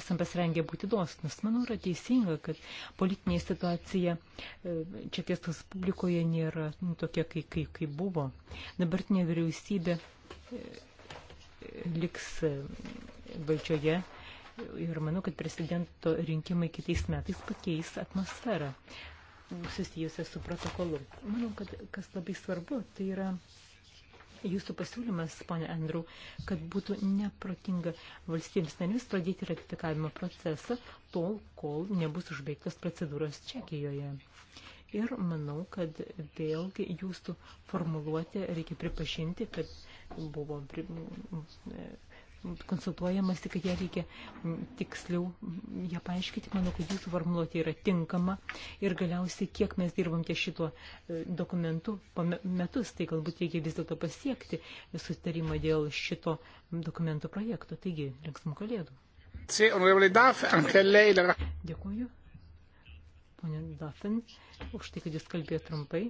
D: esam pasirengę būti dosnus. Manau, yra teisinga, kad politinė situacija e, Čekijos Respublikoje nėra nu, tokia, kaip kai, kai buvo. Dabartinė vyriausybė liks e, valdžioje ir manau, kad prezidento rinkimai kitais metais pakeis atmosferą susijusią su protokolu. Manau, kad kas labai svarbu, tai yra jūsų pasiūlymas, ponė Andrew, kad būtų neprotinga valstybėms narėms pradėti ratifikavimo procesą tol, kol nebus užbaigtas procedūros Čekijoje. Ir manau, kad vėlgi jūsų formuluotė reikia pripažinti, kad buvo pri... konsultuojamasi, kad ją reikia tiksliau ją paaiškinti. Manau, kad jūsų formuluotė yra tinkama. Ir galiausiai, kiek mes dirbam ties šituo e, dokumentu po metus, tai galbūt reikia vis dėlto pasiekti susitarimą dėl šito dokumento projekto. Taigi, linksmų kalėdų. Dėkuoju ponė Duffin, už tai, kad jūs kalbėjote trumpai.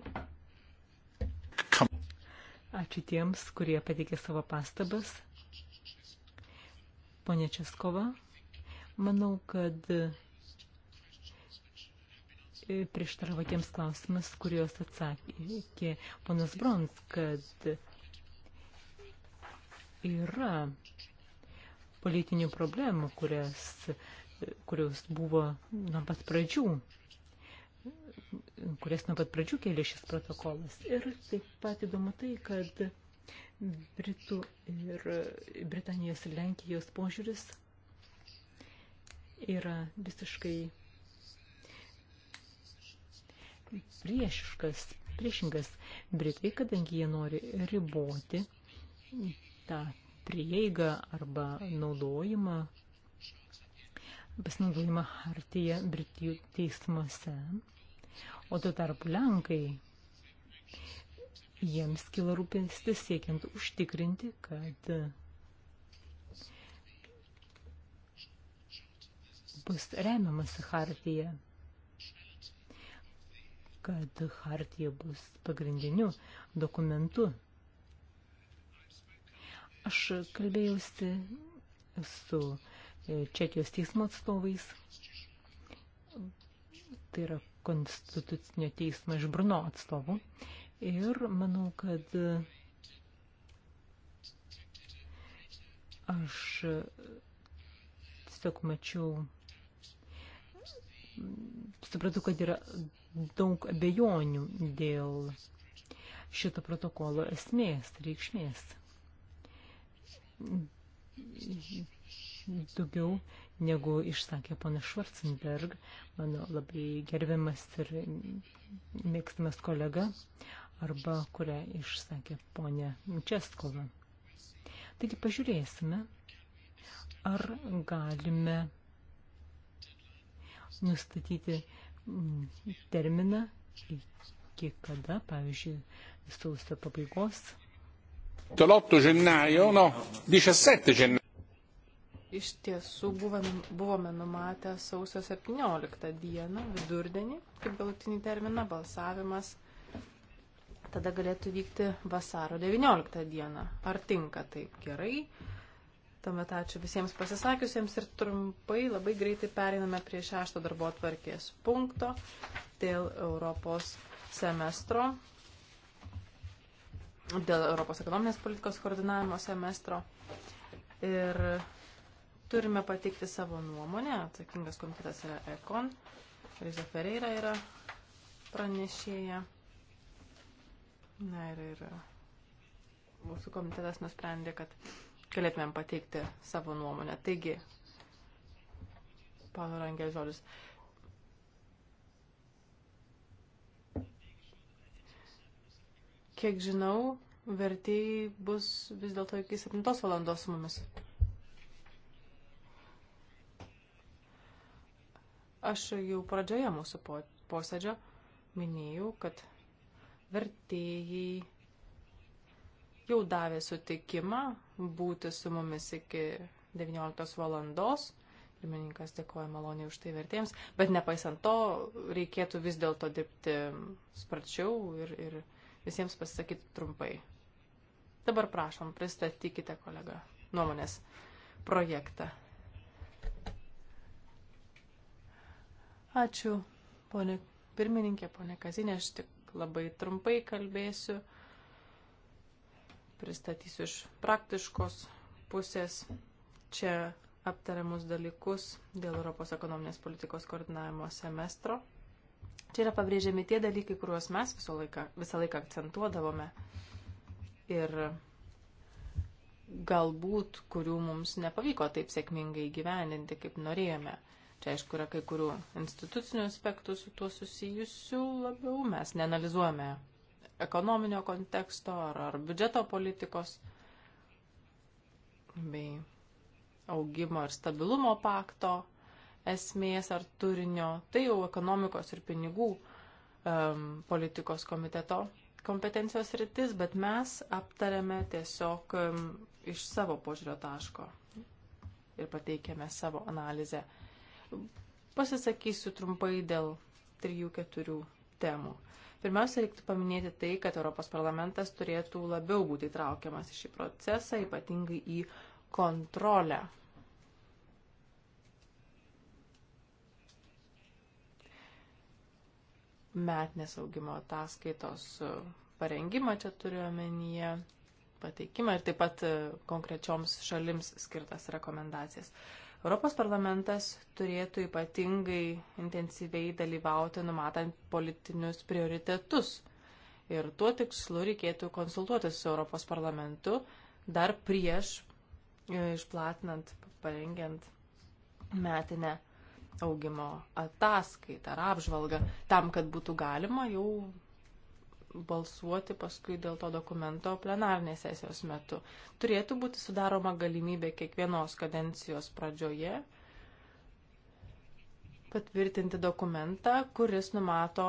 D: Ačiū tiems, kurie pateikė savo pastabas. Pone Českova, manau, kad e, prieštaravo tiems klausimas, kuriuos atsakė ponas Brons, kad yra politinių problemų, kurias, kurios buvo nuo pat pradžių kurias nuo pat pradžių kėlė šis protokolas. Ir taip pat įdomu tai, kad Britų ir Britanijos ir Lenkijos požiūris yra visiškai priešiškas, priešingas Britai, kadangi jie nori riboti tą prieigą arba naudojimą, pasinaudojimą hartyje Britijų teismuose. O tuo tarpu Lenkai jiems kila rūpestis siekiant užtikrinti, kad bus remiamas Hartija, kad Hartija bus pagrindiniu dokumentu. Aš kalbėjausi su e, Čekijos teismo atstovais, tai yra konstitucinio teismo iš Bruno atstovų. Ir manau, kad aš tiesiog mačiau, supratau, kad yra daug abejonių dėl šito protokolo esmės, reikšmės. Daugiau negu išsakė pana Schwarzenberg, mano labai gerbiamas ir mėgstamas kolega, arba kurią išsakė ponė Českova. Taigi pažiūrėsime, ar galime nustatyti mm, terminą iki kada, pavyzdžiui, sausio pabaigos.
B: 8 gennaio, no,
A: 17 gennaio
C: iš tiesų buvom, buvome numatę sausio 17 dieną, vidurdienį, kaip galutinį terminą, balsavimas tada galėtų vykti vasaro 19 dieną. Ar tinka taip gerai? Tuomet ačiū visiems pasisakiusiems ir trumpai labai greitai periname prie šešto darbo atvarkės punkto dėl Europos semestro, dėl Europos ekonominės politikos koordinavimo semestro. Ir turime pateikti savo nuomonę. Atsakingas komitetas yra Ekon. Riza Ferreira yra pranešėja. Na ir, ir mūsų komitetas nusprendė, kad galėtumėm pateikti savo nuomonę. Taigi, pano Rangė žodis. Kiek žinau, vertėjai bus vis dėlto iki 7 valandos su mumis. Aš jau pradžioje mūsų po, posėdžio minėjau, kad vertėjai jau davė sutikimą būti su mumis iki 19 valandos. Pirmininkas dėkoja maloniai už tai vertėjams, bet nepaisant to reikėtų vis dėlto dirbti sparčiau ir, ir visiems pasisakyti trumpai. Dabar prašom, pristatykite kolegą nuomonės projektą. Ačiū, ponė pirmininkė, ponė Kazinė, aš tik labai trumpai kalbėsiu, pristatysiu iš praktiškos pusės čia aptariamus dalykus dėl Europos ekonominės politikos koordinavimo semestro. Čia yra pabrėžiami tie dalykai, kuriuos mes visą laiką, visą laiką akcentuodavome ir galbūt kurių mums nepavyko taip sėkmingai gyveninti, kaip norėjome. Čia aišku yra kai kurių institucinių aspektų su tuo susijusių labiau. Mes neanalizuojame ekonominio konteksto ar, ar biudžeto politikos bei augimo ir stabilumo pakto esmės ar turinio. Tai jau ekonomikos ir pinigų um, politikos komiteto kompetencijos rytis, bet mes aptarėme tiesiog um, iš savo požiūrio taško ir pateikėme savo analizę. Uh, Pasisakysiu trumpai dėl trijų, keturių temų. Pirmiausia, reiktų paminėti tai, kad Europos parlamentas turėtų labiau būti traukiamas į šį procesą, ypatingai į kontrolę. Metinės augimo ataskaitos parengimą čia turiu omenyje, pateikimą ir taip pat konkrečioms šalims skirtas rekomendacijas. Uh, Europos parlamentas turėtų ypatingai intensyviai dalyvauti numatant politinius prioritetus. Ir tuo tikslu reikėtų konsultuotis su Europos parlamentu dar prieš e, išplatinant, parengiant metinę augimo ataskaitą ar apžvalgą, tam, kad būtų galima jau balsuoti paskui dėl to dokumento plenarnės sesijos metu. Turėtų būti sudaroma galimybė kiekvienos kadencijos pradžioje patvirtinti dokumentą, kuris numato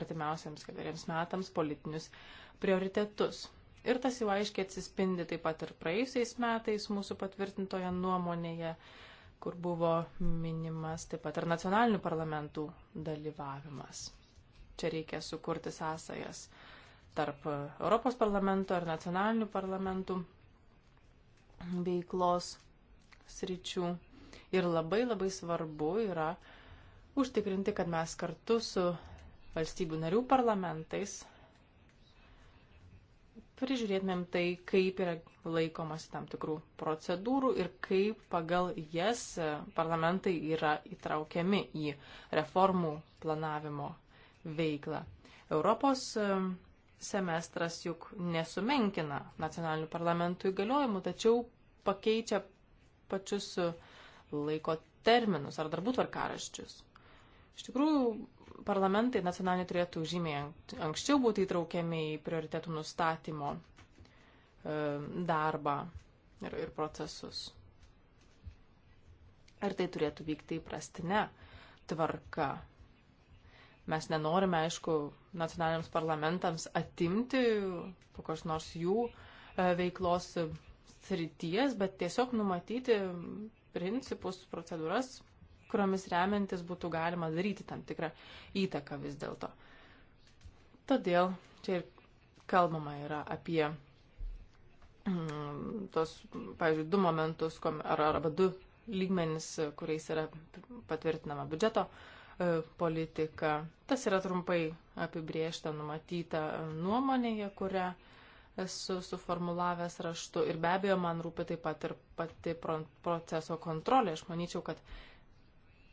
C: artimiausiams ketveriems metams politinius prioritetus. Ir tas jau aiškiai atsispindi taip pat ir praėjusiais metais mūsų patvirtintoje nuomonėje, kur buvo minimas taip pat ir nacionalinių parlamentų dalyvavimas. Čia reikia sukurti sąsajas tarp Europos parlamento ir nacionalinių parlamentų veiklos sričių. Ir labai labai svarbu yra užtikrinti, kad mes kartu su valstybių narių parlamentais prižiūrėtumėm tai, kaip yra laikomasi tam tikrų procedūrų ir kaip pagal jas e, parlamentai yra įtraukiami į reformų planavimo veiklą. Europos semestras juk nesumenkina nacionalinių parlamentų įgaliojimų, tačiau pakeičia pačius laiko terminus ar darbų tvarkaraščius. Iš tikrųjų, parlamentai nacionaliniai turėtų žymiai anksčiau būti įtraukiami į prioritetų nustatymo darbą ir, ir procesus. Ar tai turėtų vykti įprastinė tvarka? Mes nenorime, aišku, nacionaliniams parlamentams atimti kokios nors jų e, veiklos srities, bet tiesiog numatyti principus, procedūras, kuriomis remiantis būtų galima daryti tam tikrą įtaką vis dėlto. Todėl čia ir kalbama yra apie mm, tos, pavyzdžiui, du momentus, ar, arba du lygmenis, kuriais yra patvirtinama biudžeto uh, E, politiką. Tas yra trumpai apibriešta, numatyta nuomonėje, kurią esu suformulavęs raštu. Ir be abejo, man rūpi taip pat ir pati proceso kontrolė. Aš manyčiau, kad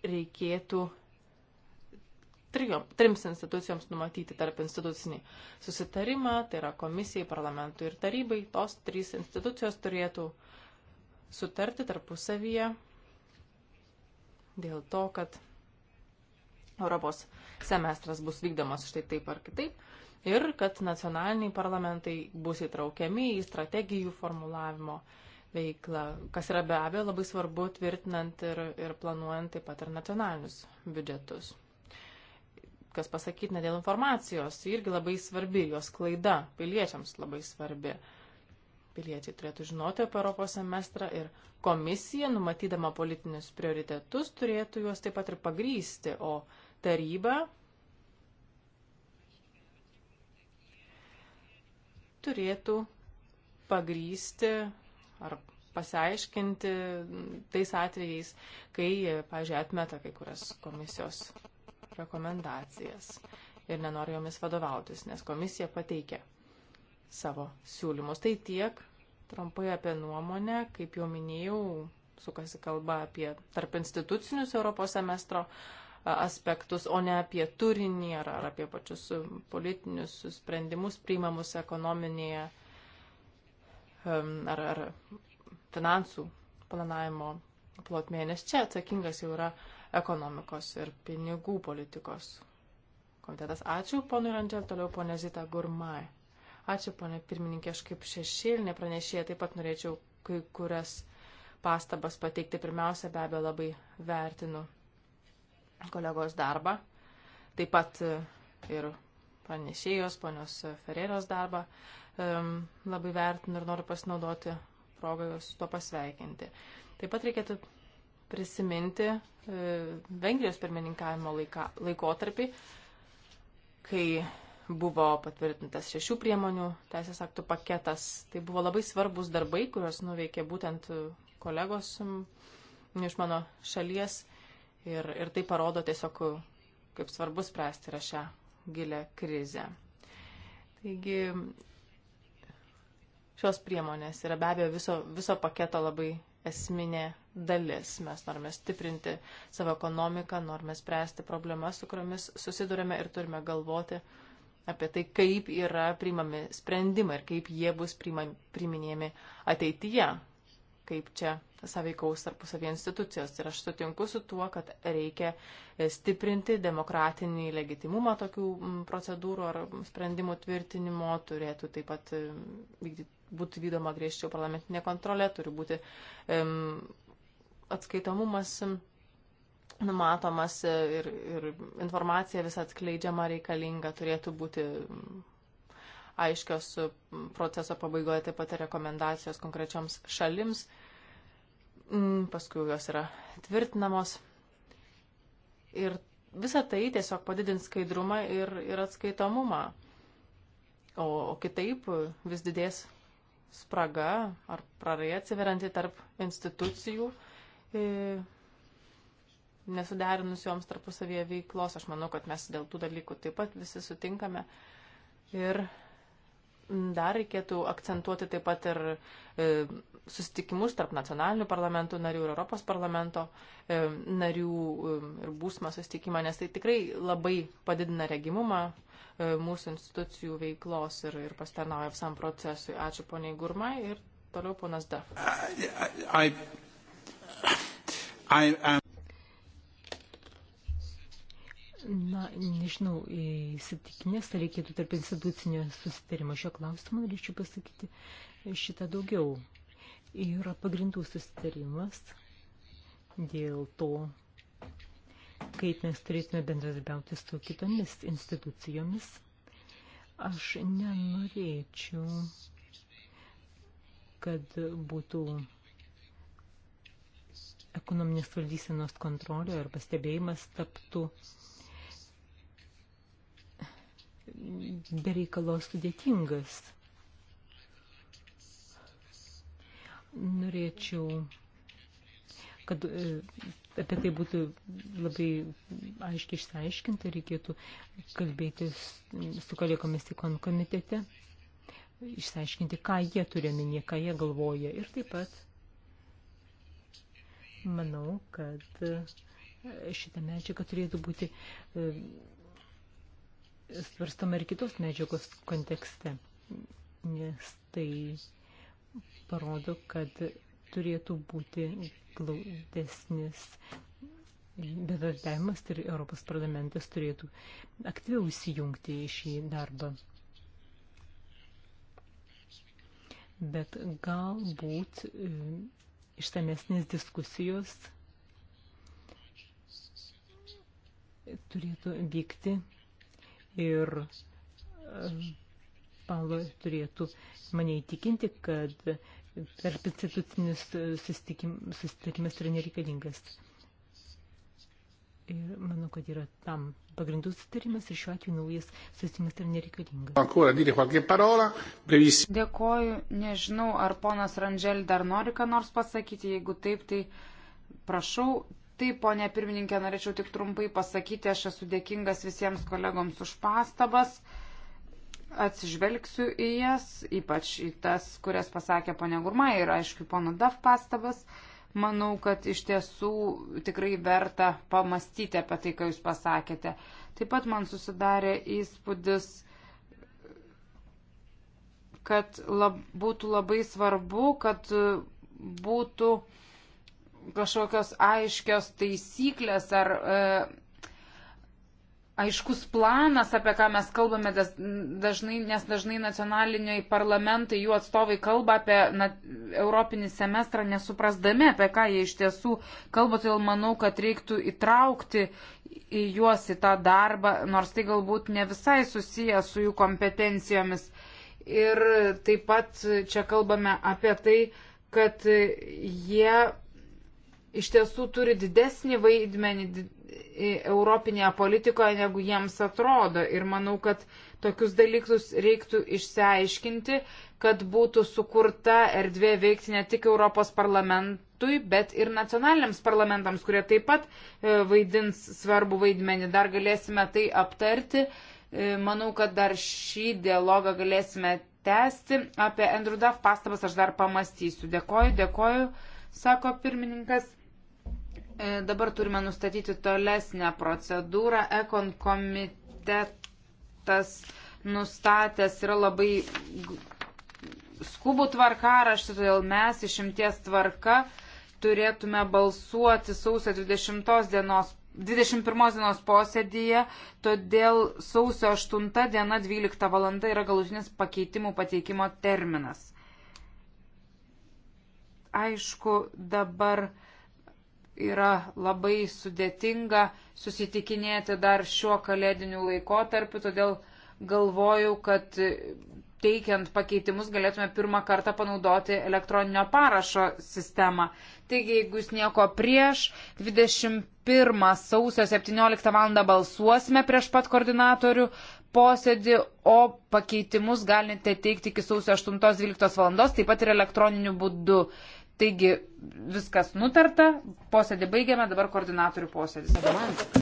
C: reikėtų trijom, trims institucijoms numatyti tarp institucinį susitarimą, tai yra komisijai, parlamentui ir tarybai. Tos trys institucijos turėtų sutarti tarpusavyje dėl to, kad Europos semestras bus vykdomas štai taip ar kitaip ir kad nacionaliniai parlamentai bus įtraukiami į strategijų formulavimo veiklą, kas yra be abejo labai svarbu tvirtinant ir, ir planuojant taip pat ir nacionalinius biudžetus. Kas pasakyti, ne dėl informacijos, irgi labai svarbi, jos klaida piliečiams labai svarbi. Uh, piliečiai turėtų žinoti apie Europos semestrą ir komisija, numatydama politinius prioritetus, turėtų juos taip pat ir pagrysti, o taryba turėtų pagrysti ar pasiaiškinti tais atvejais, kai, pažiūrėjau, atmeta kai kurias komisijos rekomendacijas ir nenori jomis vadovautis, nes komisija pateikia savo siūlymus. Tai tiek trumpai apie nuomonę, kaip jau minėjau, sukasi kalba apie tarp institucinius Europos semestro aspektus, o ne apie turinį ar, ar apie pačius politinius sprendimus priimamus ekonominėje ar, ar finansų planavimo plotmėje, nes čia atsakingas jau yra ekonomikos ir pinigų politikos komitetas. Ačiū, ponui Randžel, toliau ponė Zita Gurmai. Ačiū, ponė pirmininkė, aš kaip šešėlinė pranešėja taip pat norėčiau kai kurias pastabas pateikti. Pirmiausia, be abejo, labai vertinu kolegos darbą, taip pat e, ir pranešėjos, ponios Ferreros darbą. Labai vertinu ir noriu pasinaudoti progą jos to pasveikinti. Taip pat reikėtų prisiminti e, Vengrijos pirmininkavimo laika, laikotarpį, kai buvo patvirtintas šešių priemonių teisės aktų paketas. Tai buvo labai svarbus darbai, kuriuos nuveikė būtent kolegos iš mano šalies. Ir, ir tai parodo tiesiog, kaip svarbu spręsti yra šią gilę krizę. Taigi šios priemonės yra be abejo viso, viso paketo labai esminė dalis. Mes norime stiprinti savo ekonomiką, norime spręsti problemas, su kuriomis susidurime ir turime galvoti, uh, apie tai, kaip yra priimami sprendimai ir kaip jie bus priminėjami ateityje, kaip čia sąveikaus tarpusavį institucijos. Ir aš sutinku su tuo, kad reikia stiprinti demokratinį legitimumą tokių procedūrų ar sprendimų tvirtinimo, turėtų taip pat būti vykdoma griežčiau parlamentinė kontrolė, turi būti um, atskaitomumas. Um, numatomas ir, ir informacija vis atskleidžiama reikalinga, turėtų būti aiškios proceso pabaigoje taip pat rekomendacijos konkrečioms šalims, mm, paskui jos yra tvirtinamos. Ir visa tai tiesiog padidins skaidrumą ir, ir atskaitomumą. O, o kitaip vis didės spraga ar prarai atsiveranti tarp institucijų. E, nesuderinusioms tarpusavėje veiklos. Aš manau, kad mes dėl tų dalykų taip pat visi sutinkame. Ir dar reikėtų akcentuoti taip pat ir e, susitikimus tarp nacionalinių parlamentų narių ir Europos parlamento e, narių e, ir būsimą susitikimą, nes tai tikrai labai padidina regimumą e, mūsų institucijų veiklos ir, ir pastarnauja visam procesui. Ačiū poniai Gurmai ir toliau ponas Daf. I,
A: I, I, I,
D: Na, nežinau, įsitikinęs, ar reikėtų tarp institucinio susitarimo šio klausimo, norėčiau pasakyti šitą daugiau. Yra pagrindų susitarimas dėl to, kaip mes turėtume bendradarbiauti su kitomis institucijomis. Aš nenorėčiau, kad būtų ekonominės valdysenos kontrolė ar pastebėjimas taptų uh, bereikalo sudėtingas. Norėčiau, kad e, apie tai būtų labai aiškiai išsiaiškinta, reikėtų kalbėti su kolegomis ikon komitete, išsiaiškinti, ką jie turi minė, ką jie galvoja. Ir taip pat manau, kad e, šitą medžiagą turėtų būti e, svarstama ir kitos medžiagos kontekste, nes tai parodo, kad turėtų būti glaudesnis bendradarbiavimas ir Europos parlamentas turėtų aktyviau įsijungti į šį darbą. Bet galbūt e, išsamesnės diskusijos turėtų vykti ir e, Paulo turėtų mane įtikinti, kad tarp institucinis susitikimas yra nereikalingas. Ir manau, kad yra tam pagrindų sutarimas ir šiuo atveju naujas susitikimas yra nereikalingas.
B: Dėkoju, nežinau, ar ponas Randžel dar nori ką nors pasakyti, jeigu taip, tai prašau Taip, ponė pirmininkė, norėčiau tik trumpai pasakyti, aš esu dėkingas visiems kolegoms už pastabas. Atsižvelgsiu į jas, ypač į tas, kurias pasakė ponė Gurma ir aišku, pono Daf pastabas. Manau, kad iš tiesų tikrai verta pamastyti apie tai, ką jūs pasakėte. Taip pat man susidarė įspūdis, kad lab, būtų labai svarbu, kad būtų uh, kažkokios aiškios taisyklės ar e, aiškus planas, apie ką mes kalbame dažnai, nes dažnai nacionaliniai parlamentai, jų atstovai kalba apie na, Europinį semestrą, nesuprasdami, apie ką jie iš tiesų kalba, todėl manau, kad reiktų įtraukti į juos į tą darbą, nors tai galbūt ne visai susiję su jų kompetencijomis. Ir taip pat čia kalbame apie tai, kad jie iš tiesų turi didesnį vaidmenį europinėje politikoje, negu jiems atrodo. Ir manau, kad tokius dalykus reiktų išsiaiškinti, kad būtų sukurta erdvė veikti ne tik Europos parlamentui, bet ir nacionaliniams parlamentams, kurie taip pat e, vaidins svarbų vaidmenį. Dar galėsime tai aptarti. E, manau, kad dar šį dialogą galėsime tęsti. Apie Andrew Duff pastabas aš dar pamastysiu. Dėkoju, dėkoju, sako pirmininkas. E, dabar turime nustatyti tolesnę procedūrą. Ekon komitetas nustatęs yra labai skubų tvarkaraštį, todėl mes išimties tvarka turėtume balsuoti sausio 20 dienos, 21 dienos posėdėje, todėl sausio 8 diena 12 valanda yra galutinis pakeitimų pateikimo terminas. Aišku, dabar yra labai sudėtinga susitikinėti dar šiuo kalėdiniu laikotarpiu, todėl galvoju, kad teikiant pakeitimus galėtume pirmą kartą panaudoti elektroninio parašo sistemą. Taigi, jeigu jūs nieko prieš, 21 sausio 17 val. balsuosime prieš pat koordinatorių posėdį, o pakeitimus galite teikti iki sausio 8-12 val. taip pat ir elektroniniu būdu. Taigi viskas nutarta, posėdį baigiame, dabar koordinatorių posėdis.